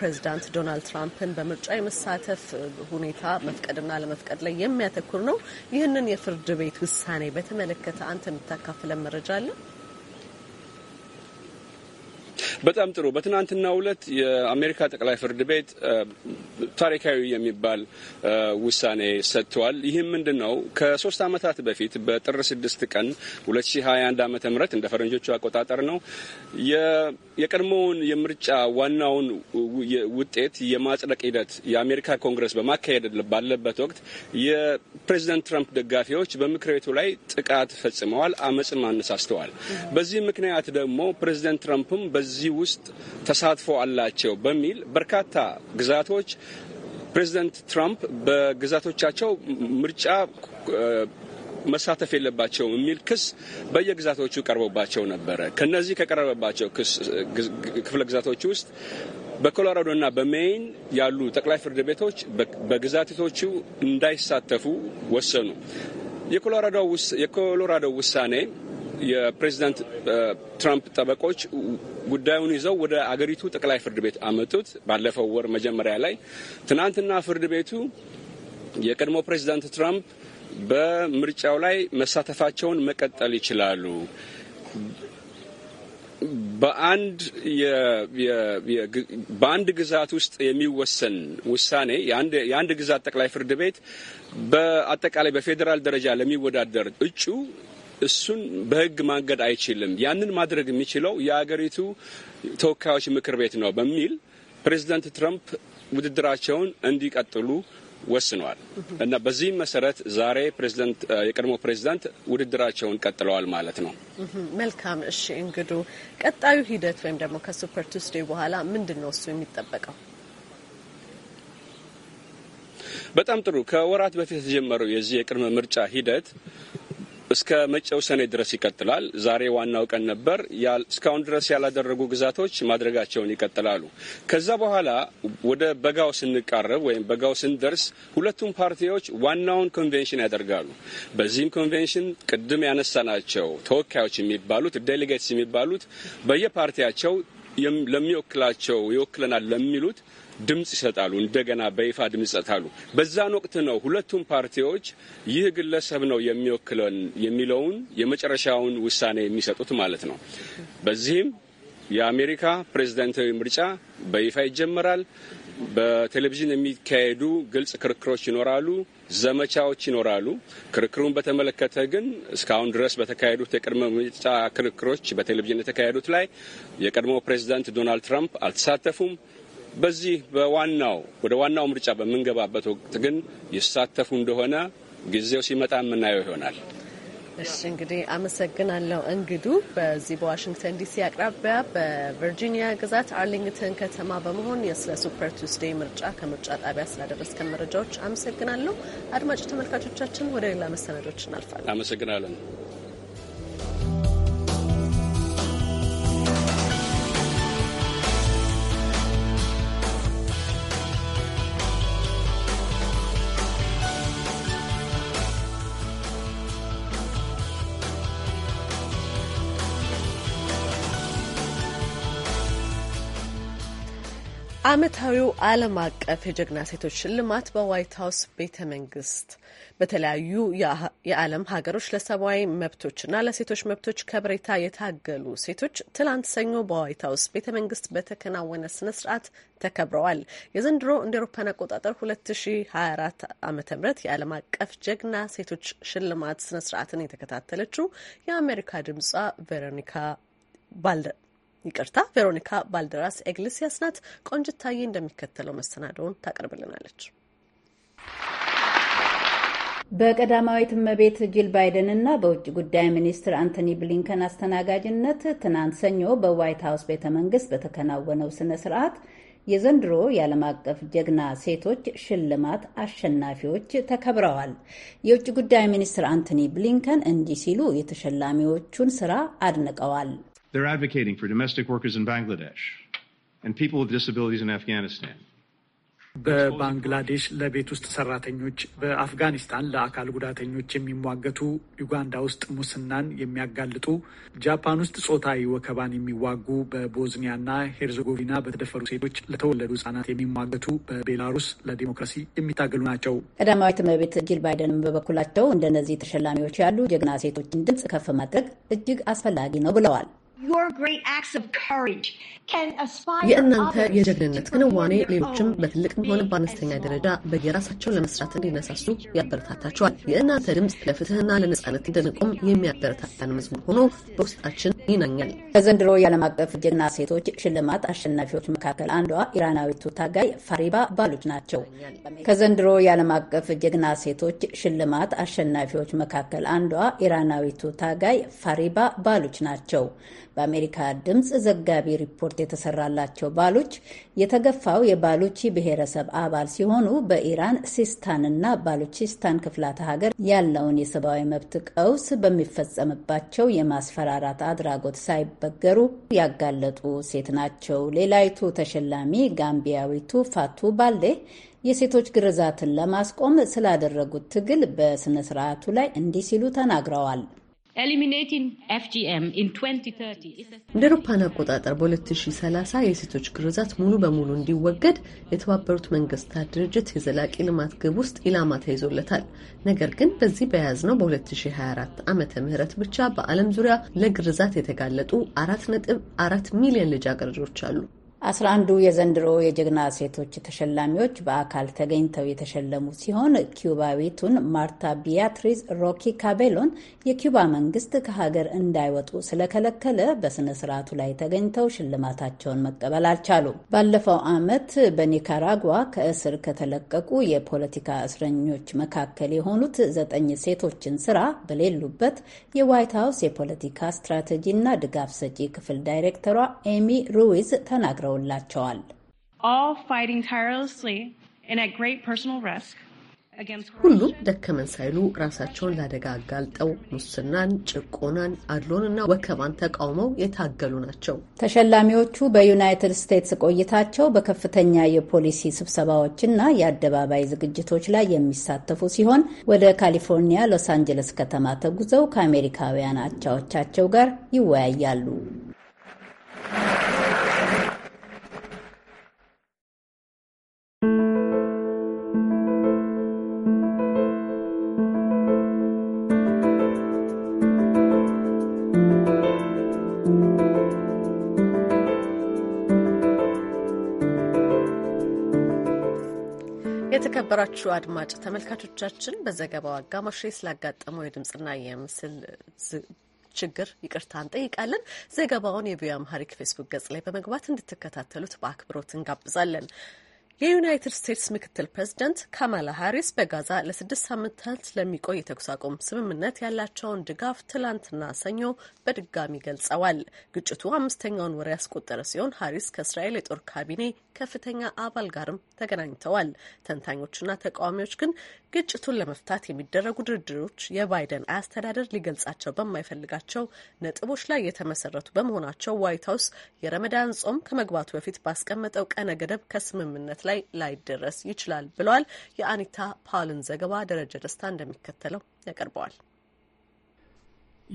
ፕሬዚዳንት ዶናልድ ትራምፕን በምርጫ የመሳተፍ ሁኔታ መፍቀድና ለመፍቀድ ላይ የሚያተኩር ነው። ይህንን የፍርድ ቤት ውሳኔ በተመለከተ አንተ የምታካፍለን መረጃ አለን? በጣም ጥሩ። በትናንትናው ዕለት የአሜሪካ ጠቅላይ ፍርድ ቤት ታሪካዊ የሚባል ውሳኔ ሰጥተዋል። ይህም ምንድን ነው? ከሶስት ዓመታት በፊት በጥር ስድስት ቀን 2021 ዓ ም እንደ ፈረንጆቹ አቆጣጠር ነው የቀድሞውን የምርጫ ዋናውን ውጤት የማጽደቅ ሂደት የአሜሪካ ኮንግረስ በማካሄድ ባለበት ወቅት የፕሬዚደንት ትራምፕ ደጋፊዎች በምክር ቤቱ ላይ ጥቃት ፈጽመዋል፣ አመፅም አነሳስተዋል። በዚህ ምክንያት ደግሞ ፕሬዚደንት ትራምፕም በዚህ በዚህ ውስጥ ተሳትፎ አላቸው በሚል በርካታ ግዛቶች ፕሬዚደንት ትራምፕ በግዛቶቻቸው ምርጫ መሳተፍ የለባቸውም የሚል ክስ በየግዛቶቹ ቀርቦባቸው ነበረ። ከነዚህ ከቀረበባቸው ክፍለ ግዛቶች ውስጥ ና በሜይን ያሉ ጠቅላይ ፍርድ ቤቶች በግዛቶቹ እንዳይሳተፉ ወሰኑ። የኮሎራዶ ውሳኔ የፕሬዚዳንት ትራምፕ ጠበቆች ጉዳዩን ይዘው ወደ አገሪቱ ጠቅላይ ፍርድ ቤት አመጡት ባለፈው ወር መጀመሪያ ላይ። ትናንትና ፍርድ ቤቱ የቀድሞ ፕሬዚዳንት ትራምፕ በምርጫው ላይ መሳተፋቸውን መቀጠል ይችላሉ በአንድ ግዛት ውስጥ የሚወሰን ውሳኔ የአንድ ግዛት ጠቅላይ ፍርድ ቤት በአጠቃላይ በፌዴራል ደረጃ ለሚወዳደር እጩ እሱን በህግ ማንገድ አይችልም። ያንን ማድረግ የሚችለው የአገሪቱ ተወካዮች ምክር ቤት ነው በሚል ፕሬዚዳንት ትራምፕ ውድድራቸውን እንዲቀጥሉ ወስኗል እና በዚህም መሰረት ዛሬ ፕሬዚዳንት የቀድሞ ፕሬዚዳንት ውድድራቸውን ቀጥለዋል ማለት ነው። መልካም። እሺ እንግዱ ቀጣዩ ሂደት ወይም ደግሞ ከሱፐር ቱስዴ በኋላ ምንድን ነው እሱ የሚጠበቀው? በጣም ጥሩ። ከወራት በፊት የተጀመረው የዚህ የቅድመ ምርጫ ሂደት እስከ መጪው ሰኔ ድረስ ይቀጥላል። ዛሬ ዋናው ቀን ነበር። እስካሁን ድረስ ያላደረጉ ግዛቶች ማድረጋቸውን ይቀጥላሉ። ከዛ በኋላ ወደ በጋው ስንቃረብ ወይም በጋው ስንደርስ ሁለቱም ፓርቲዎች ዋናውን ኮንቬንሽን ያደርጋሉ። በዚህም ኮንቬንሽን ቅድም ያነሳናቸው ተወካዮች የሚባሉት ዴሌጌትስ የሚባሉት በየፓርቲያቸው ለሚወክላቸው ይወክለናል ለሚሉት ድምፅ ይሰጣሉ። እንደገና በይፋ ድምፅ ይሰጣሉ። በዛን ወቅት ነው ሁለቱም ፓርቲዎች ይህ ግለሰብ ነው የሚወክለን የሚለውን የመጨረሻውን ውሳኔ የሚሰጡት ማለት ነው። በዚህም የአሜሪካ ፕሬዝዳንታዊ ምርጫ በይፋ ይጀመራል። በቴሌቪዥን የሚካሄዱ ግልጽ ክርክሮች ይኖራሉ፣ ዘመቻዎች ይኖራሉ። ክርክሩን በተመለከተ ግን እስካሁን ድረስ በተካሄዱት የቅድመ ምርጫ ክርክሮች በቴሌቪዥን የተካሄዱት ላይ የቀድሞ ፕሬዝዳንት ዶናልድ ትራምፕ አልተሳተፉም። በዚህ በዋናው ወደ ዋናው ምርጫ በምንገባበት ወቅት ግን ይሳተፉ እንደሆነ ጊዜው ሲመጣ የምናየው ይሆናል። እሺ እንግዲህ አመሰግናለሁ። እንግዱ በዚህ በዋሽንግተን ዲሲ አቅራቢያ በቨርጂኒያ ግዛት አርሊንግተን ከተማ በመሆን ስለ ሱፐር ቱስዴይ ምርጫ ከምርጫ ጣቢያ ስላደረስከ መረጃዎች አመሰግናለሁ። አድማጭ ተመልካቾቻችን፣ ወደ ሌላ መሰናዶች እናልፋለን። አመሰግናለን። ዓመታዊው ዓለም አቀፍ የጀግና ሴቶች ሽልማት በዋይት ሀውስ ቤተ መንግስት በተለያዩ የዓለም ሀገሮች ለሰብአዊ መብቶችና ለሴቶች መብቶች ከብሬታ የታገሉ ሴቶች ትላንት ሰኞ በዋይት ሀውስ ቤተ መንግስት በተከናወነ ስነ ስርዓት ተከብረዋል። የዘንድሮ እንደ ኤሮፓን አቆጣጠር 2024 ዓ ም የዓለም አቀፍ ጀግና ሴቶች ሽልማት ስነ ስርዓትን የተከታተለችው የአሜሪካ ድምጿ ቬሮኒካ ይቅርታ ቬሮኒካ ባልደራስ ኤግሊሲያስ ናት። ቆንጅታዬ እንደሚከተለው መሰናደውን ታቀርብልናለች። በቀዳማዊት እመቤት ጂል ባይደን እና በውጭ ጉዳይ ሚኒስትር አንቶኒ ብሊንከን አስተናጋጅነት ትናንት ሰኞ በዋይት ሀውስ ቤተ መንግስት በተከናወነው ስነ ስርዓት የዘንድሮ የዓለም አቀፍ ጀግና ሴቶች ሽልማት አሸናፊዎች ተከብረዋል። የውጭ ጉዳይ ሚኒስትር አንቶኒ ብሊንከን እንዲህ ሲሉ የተሸላሚዎቹን ስራ አድንቀዋል። They're advocating for domestic workers in Bangladesh and people with disabilities in Afghanistan. በባንግላዴሽ ለቤት ውስጥ ሰራተኞች፣ በአፍጋኒስታን ለአካል ጉዳተኞች የሚሟገቱ፣ ዩጋንዳ ውስጥ ሙስናን የሚያጋልጡ፣ ጃፓን ውስጥ ጾታዊ ወከባን የሚዋጉ፣ በቦዝኒያና ሄርዘጎቪና በተደፈሩ ሴቶች፣ ለተወለዱ ህጻናት የሚሟገቱ፣ በቤላሩስ ለዲሞክራሲ የሚታገሉ ናቸው። ቀዳማዊት እመቤት ጂል ባይደንም በበኩላቸው እንደነዚህ ተሸላሚዎች ያሉ ጀግና ሴቶችን ድምፅ ከፍ ማድረግ እጅግ አስፈላጊ ነው ብለዋል። የእናንተ የጀግንነት ክንዋኔ ሌሎችም በትልቅም ሆነ በአነስተኛ ደረጃ በየራሳቸው ለመስራት እንዲነሳሱ ያበረታታቸዋል። የእናንተ ድምፅ ለፍትህና ለነጻነት እንድንቆም የሚያበረታታን መዝሙር ሆኖ በውስጣችን ይናኛል። ከዘንድሮ የዓለም አቀፍ ጀግና ሴቶች ሽልማት አሸናፊዎች መካከል አንዷ ኢራናዊቱ ታጋይ ፋሪባ ባሉች ናቸው። ከዘንድሮ የዓለም አቀፍ ጀግና ሴቶች ሽልማት አሸናፊዎች መካከል አንዷ ኢራናዊቱ ታጋይ ፋሪባ ባሉች ናቸው። በአሜሪካ ድምፅ ዘጋቢ ሪፖርት የተሰራላቸው ባሎች የተገፋው የባሎቺ ብሔረሰብ አባል ሲሆኑ በኢራን ሲስታንና ባሎቺስታን ክፍላተ ሀገር ያለውን የሰብአዊ መብት ቀውስ በሚፈጸምባቸው የማስፈራራት አድራጎት ሳይበገሩ ያጋለጡ ሴት ናቸው። ሌላይቱ ተሸላሚ ጋምቢያዊቱ ፋቱ ባሌ የሴቶች ግርዛትን ለማስቆም ስላደረጉት ትግል በስነ ስርዓቱ ላይ እንዲህ ሲሉ ተናግረዋል። እንደ አውሮፓን አቆጣጠር በ2030 የሴቶች ግርዛት ሙሉ በሙሉ እንዲወገድ የተባበሩት መንግስታት ድርጅት የዘላቂ ልማት ግብ ውስጥ ኢላማ ተይዞለታል። ነገር ግን በዚህ በያዝነው በ2024 ዓመተ ምህረት ብቻ በዓለም ዙሪያ ለግርዛት የተጋለጡ 4.4 ሚሊዮን ልጃገረዶች አሉ። አስራ አንዱ የዘንድሮ የጀግና ሴቶች ተሸላሚዎች በአካል ተገኝተው የተሸለሙ ሲሆን ኪዩባዊቱን ማርታ ቢያትሪዝ ሮኪ ካቤሎን የኪዩባ መንግስት ከሀገር እንዳይወጡ ስለከለከለ በስነ ስርዓቱ ላይ ተገኝተው ሽልማታቸውን መቀበል አልቻሉ። ባለፈው ዓመት በኒካራጓ ከእስር ከተለቀቁ የፖለቲካ እስረኞች መካከል የሆኑት ዘጠኝ ሴቶችን ስራ በሌሉበት የዋይት ሀውስ የፖለቲካ ስትራቴጂና ድጋፍ ሰጪ ክፍል ዳይሬክተሯ ኤሚ ሩዊዝ ተናግረዋል። ተናግረውላቸዋል። ሁሉም ደከመን ሳይሉ ራሳቸውን ለአደጋ አጋልጠው ሙስናን፣ ጭቆናን፣ አድሎንና ወከባን ተቃውመው የታገሉ ናቸው። ተሸላሚዎቹ በዩናይትድ ስቴትስ ቆይታቸው በከፍተኛ የፖሊሲ ስብሰባዎችና የአደባባይ ዝግጅቶች ላይ የሚሳተፉ ሲሆን ወደ ካሊፎርኒያ ሎስ አንጀለስ ከተማ ተጉዘው ከአሜሪካውያን አቻዎቻቸው ጋር ይወያያሉ። የተከበራችሁ አድማጭ ተመልካቾቻችን በዘገባው አጋማሽ ላይ ስላጋጠመው የድምፅና የምስል ችግር ይቅርታ እንጠይቃለን። ዘገባውን የቪኦኤ አምሃሪክ ፌስቡክ ገጽ ላይ በመግባት እንድትከታተሉት በአክብሮት እንጋብዛለን። የዩናይትድ ስቴትስ ምክትል ፕሬዚደንት ካማላ ሀሪስ በጋዛ ለስድስት ሳምንታት ለሚቆይ የተኩስ አቁም ስምምነት ያላቸውን ድጋፍ ትላንትና ሰኞ በድጋሚ ገልጸዋል። ግጭቱ አምስተኛውን ወር ያስቆጠረ ሲሆን ሀሪስ ከእስራኤል የጦር ካቢኔ ከፍተኛ አባል ጋርም ተገናኝተዋል። ተንታኞችና ተቃዋሚዎች ግን ግጭቱን ለመፍታት የሚደረጉ ድርድሮች የባይደን አስተዳደር ሊገልጻቸው በማይፈልጋቸው ነጥቦች ላይ የተመሰረቱ በመሆናቸው ዋይት ሀውስ የረመዳን ጾም ከመግባቱ በፊት ባስቀመጠው ቀነ ገደብ ከስምምነት ላይ ላይደረስ ይችላል ብለዋል። የአኒታ ፓውልን ዘገባ ደረጀ ደስታ እንደሚከተለው ያቀርበዋል።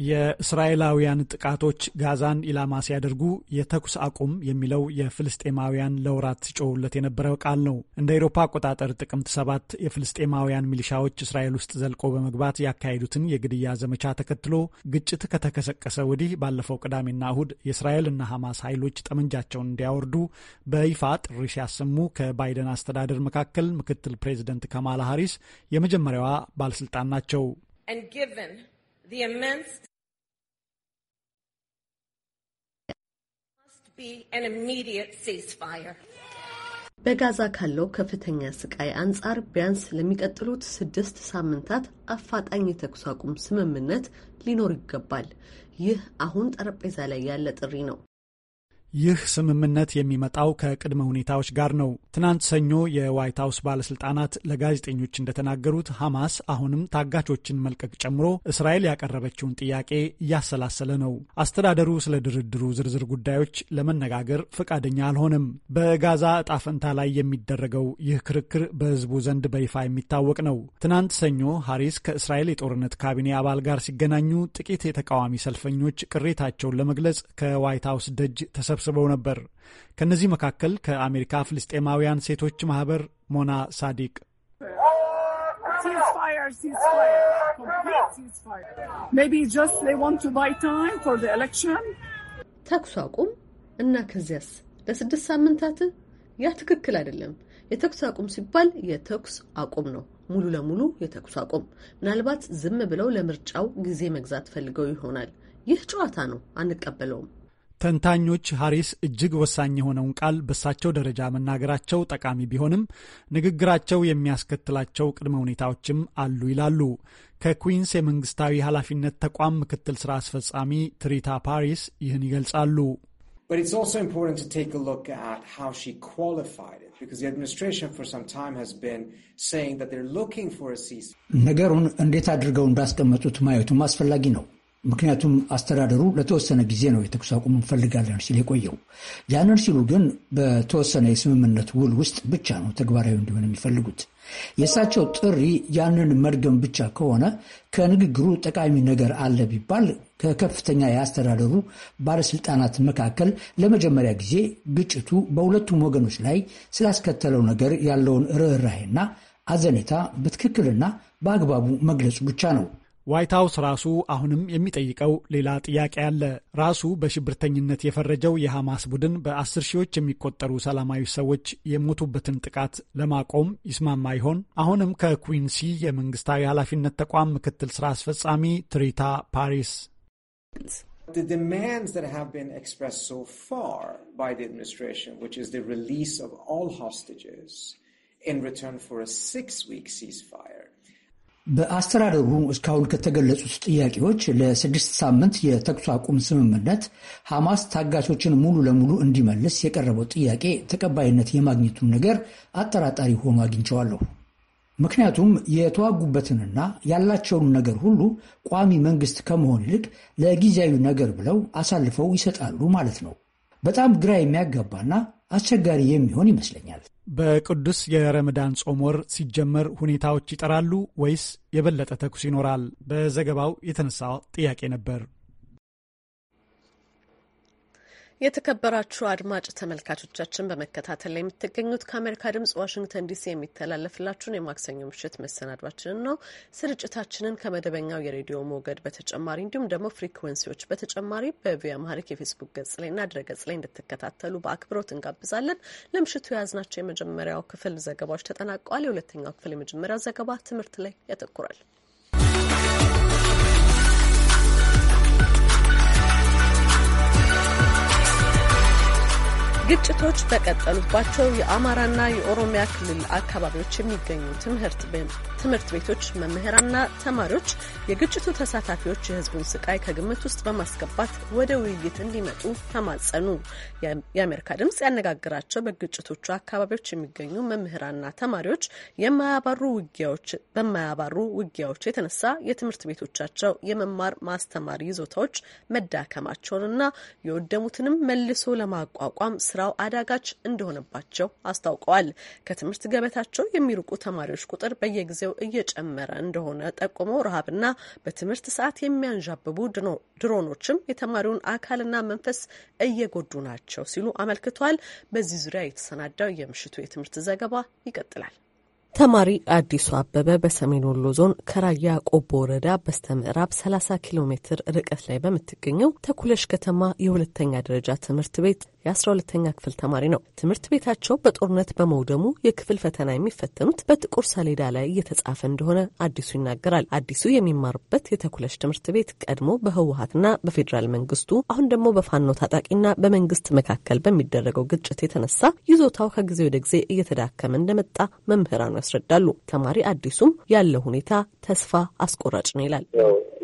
የእስራኤላውያን ጥቃቶች ጋዛን ኢላማ ሲያደርጉ የተኩስ አቁም የሚለው የፍልስጤማውያን ለውራት ሲጮውለት የነበረው ቃል ነው። እንደ አውሮፓ አቆጣጠር ጥቅምት ሰባት የፍልስጤማውያን ሚሊሻዎች እስራኤል ውስጥ ዘልቆ በመግባት ያካሄዱትን የግድያ ዘመቻ ተከትሎ ግጭት ከተቀሰቀሰ ወዲህ ባለፈው ቅዳሜና እሁድ የእስራኤል እና ሐማስ ኃይሎች ጠመንጃቸውን እንዲያወርዱ በይፋ ጥሪ ሲያሰሙ ከባይደን አስተዳደር መካከል ምክትል ፕሬዚደንት ካማላ ሀሪስ የመጀመሪያዋ ባለስልጣን ናቸው። The immense must be an immediate ceasefire. በጋዛ ካለው ከፍተኛ ስቃይ አንጻር ቢያንስ ለሚቀጥሉት ስድስት ሳምንታት አፋጣኝ የተኩስ አቁም ስምምነት ሊኖር ይገባል። ይህ አሁን ጠረጴዛ ላይ ያለ ጥሪ ነው። ይህ ስምምነት የሚመጣው ከቅድመ ሁኔታዎች ጋር ነው። ትናንት ሰኞ የዋይት ሀውስ ባለስልጣናት ለጋዜጠኞች እንደተናገሩት ሐማስ አሁንም ታጋቾችን መልቀቅ ጨምሮ እስራኤል ያቀረበችውን ጥያቄ እያሰላሰለ ነው። አስተዳደሩ ስለ ድርድሩ ዝርዝር ጉዳዮች ለመነጋገር ፈቃደኛ አልሆነም። በጋዛ እጣ ፈንታ ላይ የሚደረገው ይህ ክርክር በህዝቡ ዘንድ በይፋ የሚታወቅ ነው። ትናንት ሰኞ ሐሪስ ከእስራኤል የጦርነት ካቢኔ አባል ጋር ሲገናኙ ጥቂት የተቃዋሚ ሰልፈኞች ቅሬታቸውን ለመግለጽ ከዋይት ሀውስ ደጅ ተሰብስ ተሰብስበው ነበር። ከእነዚህ መካከል ከአሜሪካ ፍልስጤማውያን ሴቶች ማህበር ሞና ሳዲቅ ተኩስ አቁም እና ከዚያስ ለስድስት ሳምንታት ያ ትክክል አይደለም። የተኩስ አቁም ሲባል የተኩስ አቁም ነው፣ ሙሉ ለሙሉ የተኩስ አቁም። ምናልባት ዝም ብለው ለምርጫው ጊዜ መግዛት ፈልገው ይሆናል። ይህ ጨዋታ ነው፣ አንቀበለውም። ተንታኞች ሀሪስ እጅግ ወሳኝ የሆነውን ቃል በሳቸው ደረጃ መናገራቸው ጠቃሚ ቢሆንም ንግግራቸው የሚያስከትላቸው ቅድመ ሁኔታዎችም አሉ ይላሉ። ከኩዊንስ የመንግስታዊ ኃላፊነት ተቋም ምክትል ስራ አስፈጻሚ ትሪታ ፓሪስ ይህን ይገልጻሉ። ነገሩን እንዴት አድርገው እንዳስቀመጡት ማየቱም አስፈላጊ ነው። ምክንያቱም አስተዳደሩ ለተወሰነ ጊዜ ነው የተኩስ አቁም እንፈልጋለን ሲል የቆየው። ያንን ሲሉ ግን በተወሰነ የስምምነት ውል ውስጥ ብቻ ነው ተግባራዊ እንዲሆን የሚፈልጉት። የእሳቸው ጥሪ ያንን መድገም ብቻ ከሆነ ከንግግሩ ጠቃሚ ነገር አለ ቢባል ከከፍተኛ የአስተዳደሩ ባለስልጣናት መካከል ለመጀመሪያ ጊዜ ግጭቱ በሁለቱም ወገኖች ላይ ስላስከተለው ነገር ያለውን ርኅራሄና አዘኔታ በትክክልና በአግባቡ መግለጹ ብቻ ነው። ዋይት ሀውስ ራሱ አሁንም የሚጠይቀው ሌላ ጥያቄ አለ። ራሱ በሽብርተኝነት የፈረጀው የሐማስ ቡድን በአስር ሺዎች የሚቆጠሩ ሰላማዊ ሰዎች የሞቱበትን ጥቃት ለማቆም ይስማማ ይሆን? አሁንም ከኩዊንሲ የመንግስታዊ ኃላፊነት ተቋም ምክትል ስራ አስፈጻሚ ትሪታ ፓሪስ The demands that have been expressed so far by the administration, which is the release of all hostages in return for a six-week ceasefire, በአስተዳደሩ እስካሁን ከተገለጹት ጥያቄዎች ለስድስት ሳምንት የተኩስ አቁም ስምምነት ሐማስ ታጋቾችን ሙሉ ለሙሉ እንዲመልስ የቀረበው ጥያቄ ተቀባይነት የማግኘቱን ነገር አጠራጣሪ ሆኖ አግኝቸዋለሁ። ምክንያቱም የተዋጉበትንና ያላቸውን ነገር ሁሉ ቋሚ መንግስት ከመሆን ይልቅ ለጊዜያዊ ነገር ብለው አሳልፈው ይሰጣሉ ማለት ነው። በጣም ግራ የሚያጋባና አስቸጋሪ የሚሆን ይመስለኛል። በቅዱስ የረመዳን ጾም ወር ሲጀመር ሁኔታዎች ይጠራሉ ወይስ የበለጠ ተኩስ ይኖራል? በዘገባው የተነሳ ጥያቄ ነበር። የተከበራችሁ አድማጭ ተመልካቾቻችን በመከታተል ላይ የምትገኙት ከአሜሪካ ድምጽ ዋሽንግተን ዲሲ የሚተላለፍላችሁን የማክሰኞ ምሽት መሰናዷችንን ነው። ስርጭታችንን ከመደበኛው የሬዲዮ ሞገድ በተጨማሪ እንዲሁም ደግሞ ፍሪኩዌንሲዎች በተጨማሪ በቪ አማሪክ የፌስቡክ ገጽ ላይና ድረ ገጽ ላይ እንድትከታተሉ በአክብሮት እንጋብዛለን። ለምሽቱ የያዝናቸው የመጀመሪያው ክፍል ዘገባዎች ተጠናቀዋል። የሁለተኛው ክፍል የመጀመሪያው ዘገባ ትምህርት ላይ ያተኩራል። ግጭቶች በቀጠሉባቸው የአማራና የኦሮሚያ ክልል አካባቢዎች የሚገኙ ትምህርት ቤቶች መምህራንና ተማሪዎች የግጭቱ ተሳታፊዎች የሕዝቡን ስቃይ ከግምት ውስጥ በማስገባት ወደ ውይይት እንዲመጡ ተማጸኑ። የአሜሪካ ድምጽ ያነጋግራቸው በግጭቶቹ አካባቢዎች የሚገኙ መምህራንና ተማሪዎች የማያባሩ ውጊያዎች በማያባሩ ውጊያዎች የተነሳ የትምህርት ቤቶቻቸው የመማር ማስተማር ይዞታዎች መዳከማቸውንና የወደሙትንም መልሶ ለማቋቋም ስራው አዳጋች እንደሆነባቸው አስታውቀዋል። ከትምህርት ገበታቸው የሚርቁ ተማሪዎች ቁጥር በየጊዜው እየጨመረ እንደሆነ ጠቁመው ረሃብና በትምህርት ሰዓት የሚያንዣብቡ ድሮኖችም የተማሪውን አካልና መንፈስ እየጎዱ ናቸው ሲሉ አመልክቷል። በዚህ ዙሪያ የተሰናዳው የምሽቱ የትምህርት ዘገባ ይቀጥላል። ተማሪ አዲሱ አበበ በሰሜን ወሎ ዞን ከራያ ቆቦ ወረዳ በስተ ምዕራብ 30 ኪሎ ሜትር ርቀት ላይ በምትገኘው ተኩለሽ ከተማ የሁለተኛ ደረጃ ትምህርት ቤት የ12ተኛ ክፍል ተማሪ ነው። ትምህርት ቤታቸው በጦርነት በመውደሙ የክፍል ፈተና የሚፈተኑት በጥቁር ሰሌዳ ላይ እየተጻፈ እንደሆነ አዲሱ ይናገራል። አዲሱ የሚማሩበት የተኩለሽ ትምህርት ቤት ቀድሞ በህወሀትና በፌዴራል መንግስቱ አሁን ደግሞ በፋኖ ታጣቂና በመንግስት መካከል በሚደረገው ግጭት የተነሳ ይዞታው ከጊዜ ወደ ጊዜ እየተዳከመ እንደመጣ መምህራኑ ያስረዳሉ። ተማሪ አዲሱም ያለው ሁኔታ ተስፋ አስቆራጭ ነው ይላል።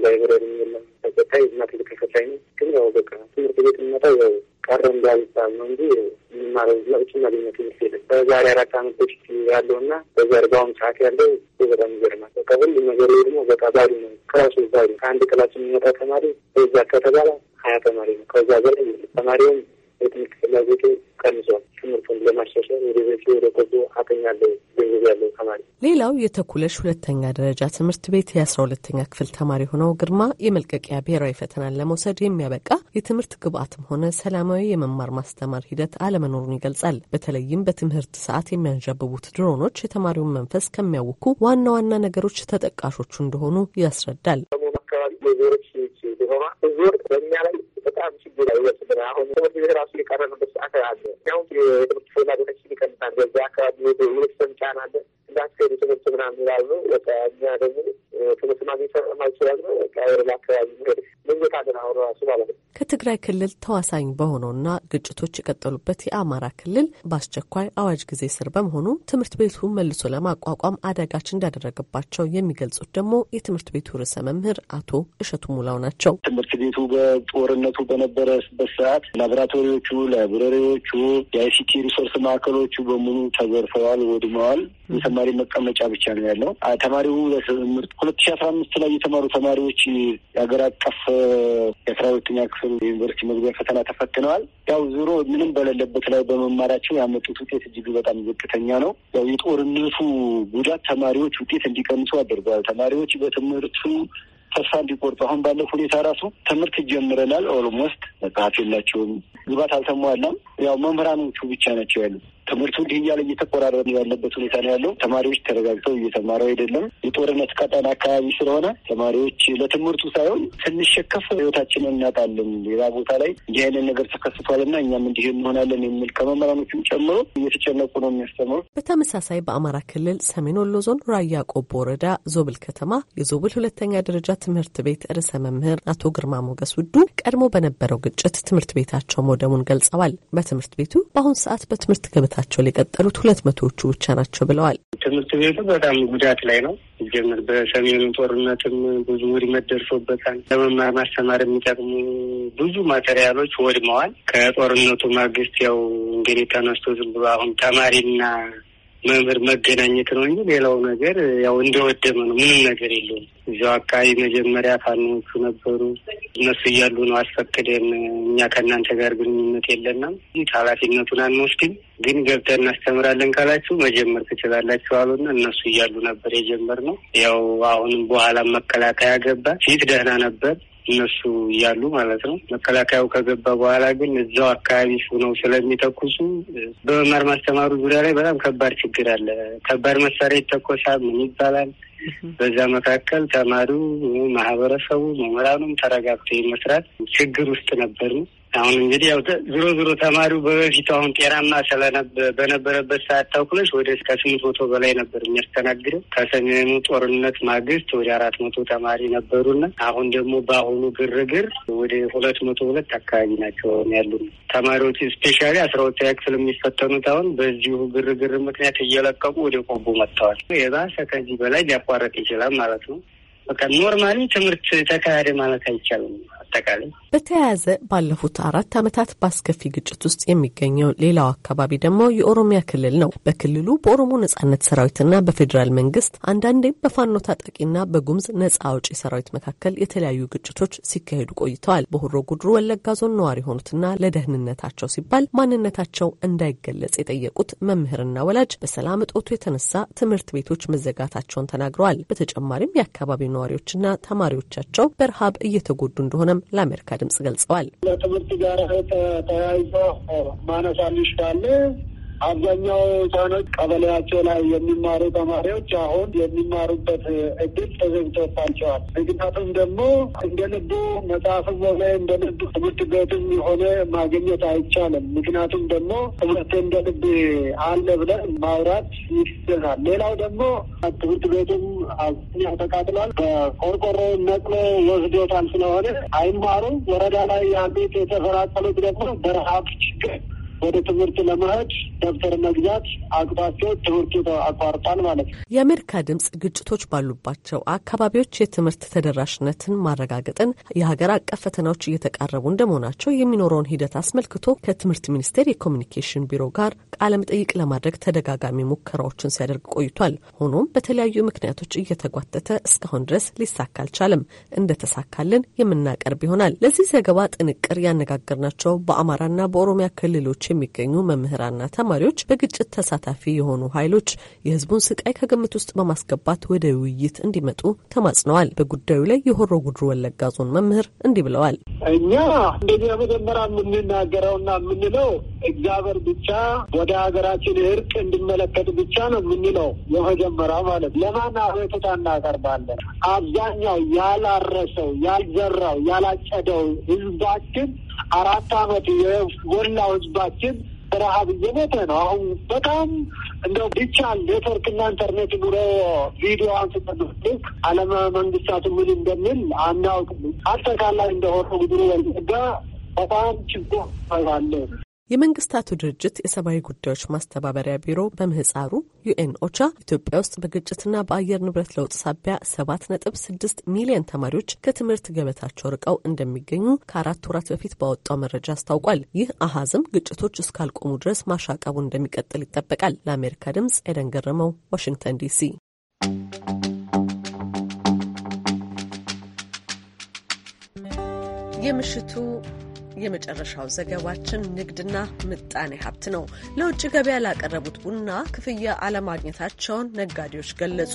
ላይብረሪ እና ትልቅ ነው። ግን ያው በቃ ትምህርት ቤት የምመጣው ያው ቀረ እንዳይባል ነው እንጂ የምማረው ለውጭ ትምህርት የለም። በዛሬ አራት አመት በፊት ያለው እና በዛሬ በአሁኑ ሰዓት ያለው በጣም ይገርማል። በቃ ሁሉ ነገር ደግሞ በቃ ነው። ክላሱ ከአንድ ክላስ የሚመጣ ተማሪ በዛ ከተባለ ሀያ ተማሪ ነው። ከዛ በላይ ተማሪውም የትምህርት ፍላጎቱ ቀንሷል። ትምህርቱን ለማሻሻል ወደ ወደ ቆዞ አገኛለሁ ገንዘብ ያለው ተማሪ። ሌላው የተኩለሽ ሁለተኛ ደረጃ ትምህርት ቤት የአስራ ሁለተኛ ክፍል ተማሪ ሆነው ግርማ የመልቀቂያ ብሔራዊ ፈተናን ለመውሰድ የሚያበቃ የትምህርት ግብአትም ሆነ ሰላማዊ የመማር ማስተማር ሂደት አለመኖሩን ይገልጻል። በተለይም በትምህርት ሰዓት የሚያንዣብቡት ድሮኖች የተማሪውን መንፈስ ከሚያውኩ ዋና ዋና ነገሮች ተጠቃሾቹ እንደሆኑ ያስረዳል። አካባቢ ዞር በእኛ ላይ በጣም ችግር አይወስብን። አሁን ትምህርት ቤት ራሱ የቀረንበት ሰዓት አለ። አሁን የትምህርት ፍላጎታችን ይቀንሳል። በዛ አካባቢ የቤተሰብ ጫና አለ። እንዳትሄዱ ትምህርት ምናምን ይላሉ። እኛ ደግሞ አካባቢ አሁን ራሱ ማለት ነው። ከትግራይ ክልል ተዋሳኝ በሆነውና ግጭቶች የቀጠሉበት የአማራ ክልል በአስቸኳይ አዋጅ ጊዜ ስር በመሆኑ ትምህርት ቤቱ መልሶ ለማቋቋም አዳጋች እንዳደረገባቸው የሚገልጹት ደግሞ የትምህርት ቤቱ ርዕሰ መምህር አቶ እሸቱ ሙላው ናቸው። ትምህርት ቤቱ በጦርነቱ በነበረበት ሰዓት ላቦራቶሪዎቹ፣ ላይብረሪዎቹ፣ የአይሲቲ ሪሶርስ ማዕከሎቹ በሙሉ ተዘርፈዋል፣ ወድመዋል። የተማሪ መቀመጫ ብቻ ነው ያለው። ተማሪው ለትምህርት ሁለት ሺ አስራ አምስት ላይ የተማሩ ተማሪዎች የሀገር አቀፍ የአስራ ሁለተኛ ክፍል የዩኒቨርሲቲ መግቢያ ፈተና ተፈትነዋል። ያው ዞሮ ምንም በሌለበት ላይ በመማራቸው ያመጡት ውጤት እጅግ በጣም ዝቅተኛ ነው። ያው የጦርነቱ ጉዳት ተማሪዎች ውጤት እንዲቀንሱ አድርገዋል። ተማሪዎች በትምህርቱ ተስፋ እንዲቆርጡ አሁን ባለው ሁኔታ ራሱ ትምህርት ይጀምረናል ኦልሞስት መጽሐፍ የላቸውም፣ ግባት አልተሟላም። ያው መምህራኖቹ ብቻ ናቸው ያሉት ትምህርቱ እንዲህ እያለ እየተቆራረጠ ያለበት ሁኔታ ነው ያለው። ተማሪዎች ተረጋግተው እየተማረው አይደለም። የጦርነት ቀጠና አካባቢ ስለሆነ ተማሪዎች ለትምህርቱ ሳይሆን ስንሸከፍ ህይወታችንን እናጣለን። ሌላ ቦታ ላይ እንዲህ አይነት ነገር ተከስቷል እና እኛም እንዲህ እንሆናለን የሚል ከመምህራኖችም ጨምሮ እየተጨነቁ ነው የሚያስተምሩ በተመሳሳይ በአማራ ክልል ሰሜን ወሎ ዞን ራያ ቆቦ ወረዳ ዞብል ከተማ የዞብል ሁለተኛ ደረጃ ትምህርት ቤት ርዕሰ መምህር አቶ ግርማ ሞገስ ውዱ ቀድሞ በነበረው ግጭት ትምህርት ቤታቸው መውደሙን ገልጸዋል። በትምህርት ቤቱ በአሁኑ ሰዓት በትምህርት ገበታ ትምህርታቸውን የቀጠሉት ሁለት መቶዎቹ ብቻ ናቸው ብለዋል። ትምህርት ቤቱ በጣም ጉዳት ላይ ነው። ጀምር በሰሜኑ ጦርነትም ብዙ ውድመት ደርሶበታል። ለመማር ማስተማር የሚጠቅሙ ብዙ ማቴሪያሎች ወድመዋል። ከጦርነቱ ማግስት ያው እንግዲህ ተነስቶ ዝም ብሎ አሁን ተማሪና መምህር መገናኘት ነው እንጂ ሌላው ነገር ያው እንደወደመ ነው። ምንም ነገር የለውም። እዚያው አካባቢ መጀመሪያ ፋኖቹ ነበሩ። እነሱ እያሉ ነው አስፈቅደን እኛ ከእናንተ ጋር ግንኙነት የለንም፣ ኃላፊነቱን አንወስድም፣ ግን ገብተን እናስተምራለን ካላችሁ መጀመር ትችላላችሁ አሉና እነሱ እያሉ ነበር የጀመርነው። ያው አሁንም በኋላም መከላከያ ገባ። ፊት ደህና ነበር። እነሱ እያሉ ማለት ነው። መከላከያው ከገባ በኋላ ግን እዛው አካባቢ ሆነው ስለሚተኩሱ በመማር ማስተማሩ ዙሪያ ላይ በጣም ከባድ ችግር አለ። ከባድ መሳሪያ ይተኮሳል። ምን ይባላል? በዛ መካከል ተማሪው፣ ማህበረሰቡ፣ መምህራኑም ተረጋግቶ ይመስራል ችግር ውስጥ ነበር ነው አሁን እንግዲህ ያው ዞሮ ዞሮ ተማሪው በበፊቱ አሁን ጤናማ ስለነበ በነበረበት ሰዓት ተኩለሽ ወደ እስከ ስምንት መቶ በላይ ነበር የሚያስተናግደው። ከሰሜኑ ጦርነት ማግስት ወደ አራት መቶ ተማሪ ነበሩና አሁን ደግሞ በአሁኑ ግርግር ወደ ሁለት መቶ ሁለት አካባቢ ናቸው ያሉ ተማሪዎች። ስፔሻሊ አስራ ሁለተኛ ክፍል የሚፈተኑት አሁን በዚሁ ግርግር ምክንያት እየለቀቁ ወደ ቆቦ መጥተዋል። የባሰ ከዚህ በላይ ሊያቋረጥ ይችላል ማለት ነው። በቃ ኖርማሊ ትምህርት ተካሄደ ማለት አይቻልም አጠቃላይ በተያያዘ ባለፉት አራት ዓመታት በአስከፊ ግጭት ውስጥ የሚገኘው ሌላው አካባቢ ደግሞ የኦሮሚያ ክልል ነው። በክልሉ በኦሮሞ ነጻነት ሰራዊትና በፌዴራል መንግስት አንዳንዴም በፋኖ ታጣቂና በጉምዝ ነጻ አውጪ ሰራዊት መካከል የተለያዩ ግጭቶች ሲካሄዱ ቆይተዋል። በሆሮ ጉድሩ ወለጋ ዞን ነዋሪ የሆኑትና ለደህንነታቸው ሲባል ማንነታቸው እንዳይገለጽ የጠየቁት መምህርና ወላጅ በሰላም እጦቱ የተነሳ ትምህርት ቤቶች መዘጋታቸውን ተናግረዋል። በተጨማሪም የአካባቢው ነዋሪዎችና ተማሪዎቻቸው በረሃብ እየተጎዱ እንደሆነም ለአሜሪካ ድምጽ ገልጸዋል። ለትምህርት ጋር ተያይዞ ማነሳልሽ ካለ አብዛኛው ህጻኖች ቀበሌያቸው ላይ የሚማሩ ተማሪዎች አሁን የሚማሩበት እድል ተዘግቶባቸዋል። ምክንያቱም ደግሞ እንደ ልቡ መጽሐፍ ሆነ እንደ ልቡ ትምህርት ቤትም የሆነ ማግኘት አይቻልም። ምክንያቱም ደግሞ ትምህርት እንደ ልብ አለ ብለን ማውራት ይገዛል። ሌላው ደግሞ ትምህርት ቤቱም አብዛኛው ተቃጥሏል። በቆርቆሮ ነቅሎ ወስዶታል። ስለሆነ አይማሩም። ወረዳ ላይ ያሉት የተፈራቀሉት ደግሞ በረሀብ ችግር ወደ ትምህርት ለመሄድ ደብተር መግዛት አቅቷቸው ትምህርቱ አቋርጧል ማለት ነው። የአሜሪካ ድምጽ ግጭቶች ባሉባቸው አካባቢዎች የትምህርት ተደራሽነትን ማረጋገጥን የሀገር አቀፍ ፈተናዎች እየተቃረቡ እንደመሆናቸው የሚኖረውን ሂደት አስመልክቶ ከትምህርት ሚኒስቴር የኮሚኒኬሽን ቢሮ ጋር ቃለ መጠይቅ ለማድረግ ተደጋጋሚ ሙከራዎችን ሲያደርግ ቆይቷል። ሆኖም በተለያዩ ምክንያቶች እየተጓተተ እስካሁን ድረስ ሊሳካ አልቻለም። እንደተሳካልን የምናቀርብ ይሆናል። ለዚህ ዘገባ ጥንቅር ያነጋገርናቸው በአማራና በኦሮሚያ ክልሎች የሚገኙ መምህራንና ተማሪዎች በግጭት ተሳታፊ የሆኑ ኃይሎች የህዝቡን ስቃይ ከግምት ውስጥ በማስገባት ወደ ውይይት እንዲመጡ ተማጽነዋል። በጉዳዩ ላይ የሆሮ ጉድሩ ወለጋ ዞን መምህር እንዲህ ብለዋል። እኛ እንደዚህ በመጀመሪያ የምንናገረውና የምንለው እግዚአብሔር ብቻ ወደ ሀገራችን እርቅ እንዲመለከት ብቻ ነው የምንለው። የመጀመሪያው ማለት ለማን አቤቱታ እናቀርባለን? አብዛኛው ያላረሰው፣ ያልዘራው፣ ያላጨደው ህዝባችን አራት አመት የወላው ህዝባችን ረሀብ እየሞተ ነው። አሁን በጣም እንደው ዲጂታል ኔትወርክና ኢንተርኔት ኑሮ ቪዲዮ አንስተልክ ዓለም መንግስታቱ ምን እንደሚል አናውቅም። አጠቃላይ እንደሆነ ጉድሩ ወልጋ በጣም ችግር ይባለ የመንግስታቱ ድርጅት የሰብአዊ ጉዳዮች ማስተባበሪያ ቢሮ በምህፃሩ ዩኤን ኦቻ ኢትዮጵያ ውስጥ በግጭትና በአየር ንብረት ለውጥ ሳቢያ ሰባት ነጥብ ስድስት ሚሊዮን ተማሪዎች ከትምህርት ገበታቸው ርቀው እንደሚገኙ ከአራት ወራት በፊት ባወጣው መረጃ አስታውቋል። ይህ አሃዝም ግጭቶች እስካልቆሙ ድረስ ማሻቀቡ እንደሚቀጥል ይጠበቃል። ለአሜሪካ ድምጽ ኤደን ገረመው፣ ዋሽንግተን ዲሲ። የምሽቱ የመጨረሻው ዘገባችን ንግድና ምጣኔ ሀብት ነው። ለውጭ ገበያ ላቀረቡት ቡና ክፍያ አለማግኘታቸውን ነጋዴዎች ገለጹ።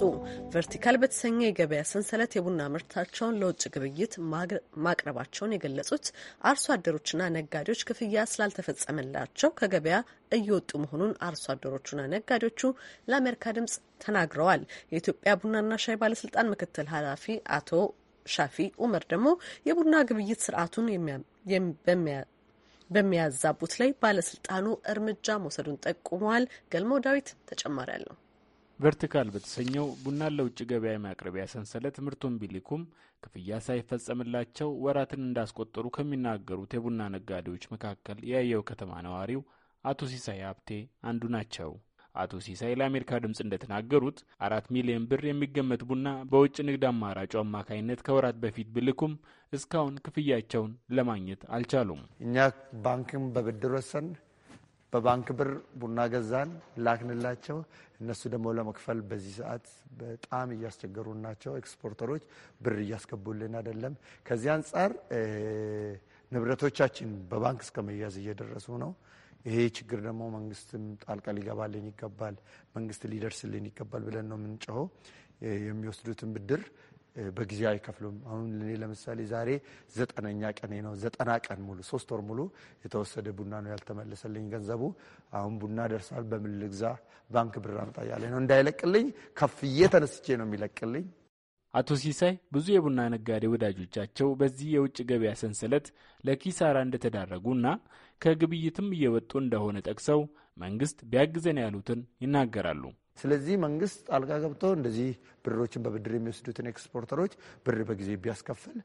ቨርቲካል በተሰኘ የገበያ ሰንሰለት የቡና ምርታቸውን ለውጭ ግብይት ማቅረባቸውን የገለጹት አርሶ አደሮችና ነጋዴዎች ክፍያ ስላልተፈጸመላቸው ከገበያ እየወጡ መሆኑን አርሶ አደሮቹና ነጋዴዎቹ ለአሜሪካ ድምጽ ተናግረዋል። የኢትዮጵያ ቡናና ሻይ ባለስልጣን ምክትል ኃላፊ አቶ ሻፊ ኡመር ደግሞ የቡና ግብይት ስርዓቱን በሚያዛቡት ላይ ባለስልጣኑ እርምጃ መውሰዱን ጠቁመዋል። ገልሞ ዳዊት ተጨማሪ አለው። ቨርቲካል በተሰኘው ቡናን ለውጭ ገበያ የማቅረቢያ ሰንሰለት ምርቱን ቢልኩም ክፍያ ሳይፈጸምላቸው ወራትን እንዳስቆጠሩ ከሚናገሩት የቡና ነጋዴዎች መካከል የያየው ከተማ ነዋሪው አቶ ሲሳይ ሀብቴ አንዱ ናቸው። አቶ ሲሳይ ለአሜሪካ ድምፅ እንደተናገሩት አራት ሚሊዮን ብር የሚገመት ቡና በውጭ ንግድ አማራጩ አማካኝነት ከወራት በፊት ብልኩም እስካሁን ክፍያቸውን ለማግኘት አልቻሉም። እኛ ባንክም በብድር ወሰን በባንክ ብር ቡና ገዛን፣ ላክንላቸው። እነሱ ደግሞ ለመክፈል በዚህ ሰዓት በጣም እያስቸገሩ ናቸው። ኤክስፖርተሮች ብር እያስገቡልን አይደለም። ከዚህ አንጻር ንብረቶቻችን በባንክ እስከ መያዝ እየደረሱ ነው። ይሄ ችግር ደግሞ መንግስትም ጣልቃ ሊገባልን ይገባል፣ መንግስት ሊደርስልን ይገባል ብለን ነው የምንጮኸው። የሚወስዱትን ብድር በጊዜ አይከፍሉም። አሁን እኔ ለምሳሌ ዛሬ ዘጠነኛ ቀኔ ነው። ዘጠና ቀን ሙሉ ሶስት ወር ሙሉ የተወሰደ ቡና ነው ያልተመለሰልኝ ገንዘቡ። አሁን ቡና ደርሳል በምን ልግዛ? ባንክ ብር አምጣ ያለ ነው። እንዳይለቅልኝ ከፍዬ ተነስቼ ነው የሚለቅልኝ። አቶ ሲሳይ ብዙ የቡና ነጋዴ ወዳጆቻቸው በዚህ የውጭ ገበያ ሰንሰለት ለኪሳራ እንደተዳረጉና ከግብይትም እየወጡ እንደሆነ ጠቅሰው መንግስት ቢያግዘን ያሉትን ይናገራሉ። ስለዚህ መንግስት ጣልቃ ገብቶ እንደዚህ ብሮችን በብድር የሚወስዱትን ኤክስፖርተሮች ብር በጊዜ ቢያስከፍል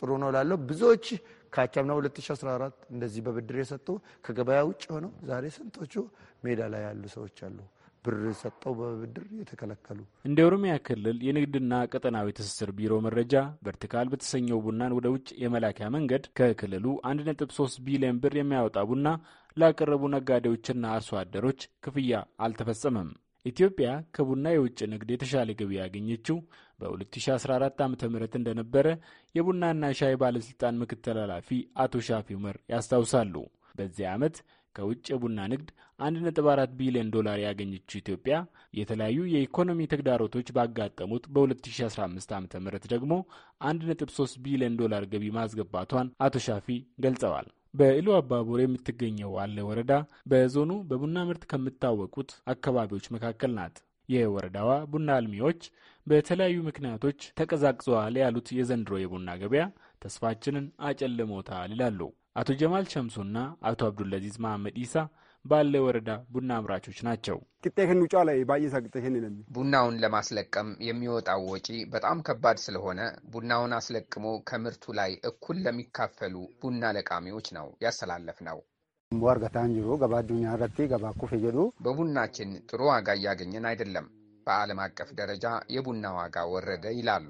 ጥሩ ነው ላለው ብዙዎች ካቻምና 2014 እንደዚህ በብድር የሰጡ ከገበያ ውጭ ሆነው ዛሬ ስንቶቹ ሜዳ ላይ ያሉ ሰዎች አሉ። ብር ሰጠው በብድር የተከለከሉ። እንደ ኦሮሚያ ክልል የንግድና ቀጠናዊ ትስስር ቢሮ መረጃ ቨርቲካል በተሰኘው ቡናን ወደ ውጭ የመላኪያ መንገድ ከክልሉ 1.3 ቢሊዮን ብር የሚያወጣ ቡና ላቀረቡ ነጋዴዎችና አርሶ አደሮች ክፍያ አልተፈጸመም። ኢትዮጵያ ከቡና የውጭ ንግድ የተሻለ ገቢ ያገኘችው በ2014 ዓ ም እንደነበረ የቡናና ሻይ ባለሥልጣን ምክትል ኃላፊ አቶ ሻፊ ዑመር ያስታውሳሉ። በዚህ ዓመት ከውጭ የቡና ንግድ 1.4 ቢሊዮን ዶላር ያገኘችው ኢትዮጵያ የተለያዩ የኢኮኖሚ ተግዳሮቶች ባጋጠሙት በ2015 ዓ ም ደግሞ 1.3 ቢሊዮን ዶላር ገቢ ማስገባቷን አቶ ሻፊ ገልጸዋል። በኢሉ አባቦር የምትገኘው አለ ወረዳ በዞኑ በቡና ምርት ከምታወቁት አካባቢዎች መካከል ናት። የወረዳዋ ቡና አልሚዎች በተለያዩ ምክንያቶች ተቀዛቅዘዋል ያሉት የዘንድሮ የቡና ገበያ ተስፋችንን አጨልሞታል ይላሉ። አቶ ጀማል ሸምሱና አቶ አብዱልአዚዝ መሐመድ ኢሳ ባለ ወረዳ ቡና አምራቾች ናቸው። ቡናውን ለማስለቀም የሚወጣው ወጪ በጣም ከባድ ስለሆነ ቡናውን አስለቅሞ ከምርቱ ላይ እኩል ለሚካፈሉ ቡና ለቃሚዎች ነው ያስተላለፍ ነው። በቡናችን ጥሩ ዋጋ እያገኘን አይደለም። በዓለም አቀፍ ደረጃ የቡና ዋጋ ወረደ ይላሉ።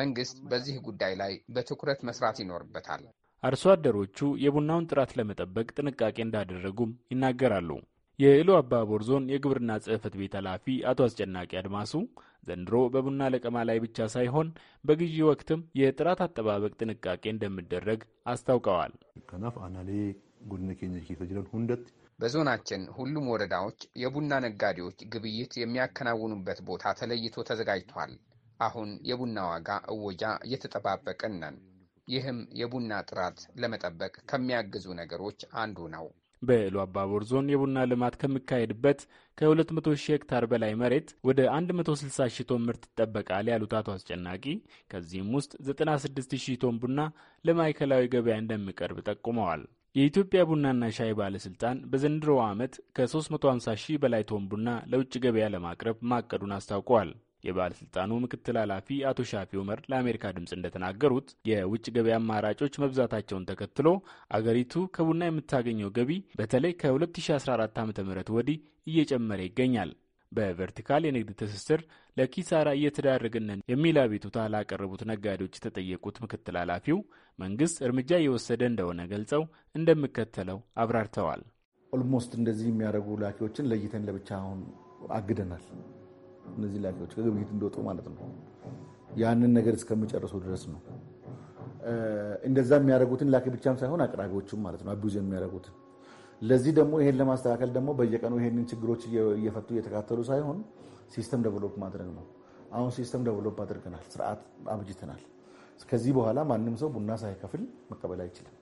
መንግስት በዚህ ጉዳይ ላይ በትኩረት መስራት ይኖርበታል። አርሶ አደሮቹ የቡናውን ጥራት ለመጠበቅ ጥንቃቄ እንዳደረጉም ይናገራሉ። የኢሉ አባቦር ዞን የግብርና ጽሕፈት ቤት ኃላፊ አቶ አስጨናቂ አድማሱ ዘንድሮ በቡና ለቀማ ላይ ብቻ ሳይሆን በግዢ ወቅትም የጥራት አጠባበቅ ጥንቃቄ እንደሚደረግ አስታውቀዋል። ከናፍ አናሌ በዞናችን ሁሉም ወረዳዎች የቡና ነጋዴዎች ግብይት የሚያከናውኑበት ቦታ ተለይቶ ተዘጋጅቷል። አሁን የቡና ዋጋ እወጃ እየተጠባበቅን ነን። ይህም የቡና ጥራት ለመጠበቅ ከሚያግዙ ነገሮች አንዱ ነው። በኢሉ አባቦር ዞን የቡና ልማት ከሚካሄድበት ከ200 ሺህ ሄክታር በላይ መሬት ወደ 160 ሺህ ቶን ምርት ይጠበቃል ያሉት አቶ አስጨናቂ ከዚህም ውስጥ 96 ሺህ ቶን ቡና ለማዕከላዊ ገበያ እንደሚቀርብ ጠቁመዋል። የኢትዮጵያ ቡናና ሻይ ባለስልጣን በዘንድሮው ዓመት ከ350 ሺህ በላይ ቶን ቡና ለውጭ ገበያ ለማቅረብ ማቀዱን አስታውቀዋል። የባለስልጣኑ ምክትል ኃላፊ አቶ ሻፊ ኡመር ለአሜሪካ ድምፅ እንደተናገሩት የውጭ ገበያ አማራጮች መብዛታቸውን ተከትሎ አገሪቱ ከቡና የምታገኘው ገቢ በተለይ ከ2014 ዓ ም ወዲህ እየጨመረ ይገኛል። በቨርቲካል የንግድ ትስስር ለኪሳራ እየተዳረግን የሚል አቤቱታ ላቀረቡት ነጋዴዎች የተጠየቁት ምክትል ኃላፊው መንግስት እርምጃ እየወሰደ እንደሆነ ገልጸው እንደሚከተለው አብራርተዋል። ኦልሞስት እንደዚህ የሚያደርጉ ላኪዎችን ለይተን ለብቻ አሁን አግደናል። እነዚህ ላኪዎች ከግብይት እንደወጡ ማለት ነው። ያንን ነገር እስከሚጨርሱ ድረስ ነው። እንደዛ የሚያደርጉትን ላኪ ብቻም ሳይሆን አቅራቢዎችም ማለት ነው አቢዩዝ የሚያደርጉትን። ለዚህ ደግሞ ይሄን ለማስተካከል ደግሞ በየቀኑ ይሄንን ችግሮች እየፈቱ እየተካተሉ ሳይሆን ሲስተም ደቨሎፕ ማድረግ ነው። አሁን ሲስተም ደቨሎፕ አድርገናል፣ ስርዓት አብጅተናል። ከዚህ በኋላ ማንም ሰው ቡና ሳይከፍል መቀበል አይችልም።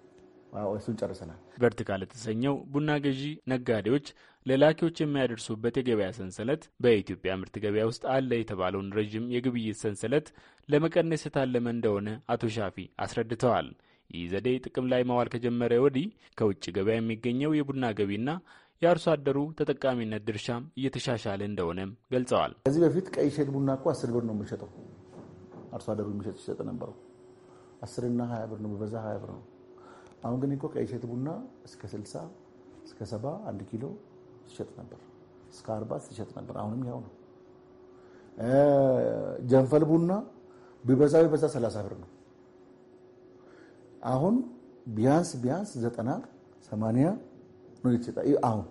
እሱን ጨርሰናል። ቨርቲካል የተሰኘው ቡና ገዢ ነጋዴዎች ለላኪዎች የሚያደርሱበት የገበያ ሰንሰለት በኢትዮጵያ ምርት ገበያ ውስጥ አለ የተባለውን ረዥም የግብይት ሰንሰለት ለመቀነስ የታለመ እንደሆነ አቶ ሻፊ አስረድተዋል። ይህ ዘዴ ጥቅም ላይ መዋል ከጀመረ ወዲህ ከውጭ ገበያ የሚገኘው የቡና ገቢና የአርሶ አደሩ ተጠቃሚነት ድርሻም እየተሻሻለ እንደሆነም ገልጸዋል። ከዚህ በፊት ቀይ ሼድ ቡና እኮ አስር ብር ነው የምንሸጠው። አርሶ አደሩ የሚሸጥ ሲሰጥ ነበረው አስርና ሀያ ብር ነው በዛ ሀያ ብር ነው አሁን ግን እኮ ቀይ እሸት ቡና እስከ 60 እስከ 70 አንድ ኪሎ ሲሸጥ ነበር፣ እስከ 40 ሲሸጥ ነበር። አሁንም ያው ነው። ጀንፈል ቡና ቢበዛ ቢበዛ 30 ብር ነው። አሁን ቢያንስ ቢያንስ 90 80 ነው የተሸጠ። አሁን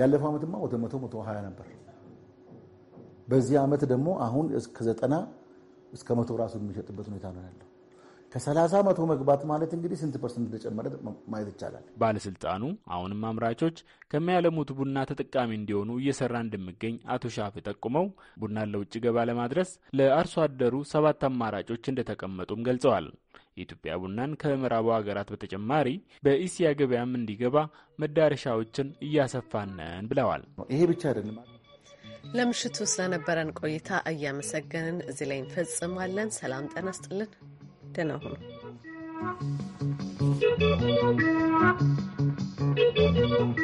ያለፈው ዓመትማ ወደ 100 120 ነበር። በዚህ ዓመት ደግሞ አሁን እስከ 90 እስከ 100 ራሱ የሚሸጥበት ሁኔታ ነው ያለው። ከ30 መቶ መግባት ማለት እንግዲህ ስንት ፐርሰንት እንደጨመረ ማየት ይቻላል። ባለስልጣኑ አሁንም አምራቾች ከሚያለሙት ቡና ተጠቃሚ እንዲሆኑ እየሰራ እንደሚገኝ አቶ ሻፍ ጠቁመው ቡናን ለውጭ ገባ ለማድረስ ለአርሶ አደሩ ሰባት አማራጮች እንደተቀመጡም ገልጸዋል። የኢትዮጵያ ቡናን ከምዕራቡ ሀገራት በተጨማሪ በኢስያ ገበያም እንዲገባ መዳረሻዎችን እያሰፋነን ብለዋል። ይሄ ብቻ አይደለም። ለምሽቱ ስለነበረን ቆይታ እያመሰገንን እዚህ ላይ እንፈጽማለን። ሰላም ጤና ይስጥልን። ደህና ሁኑ።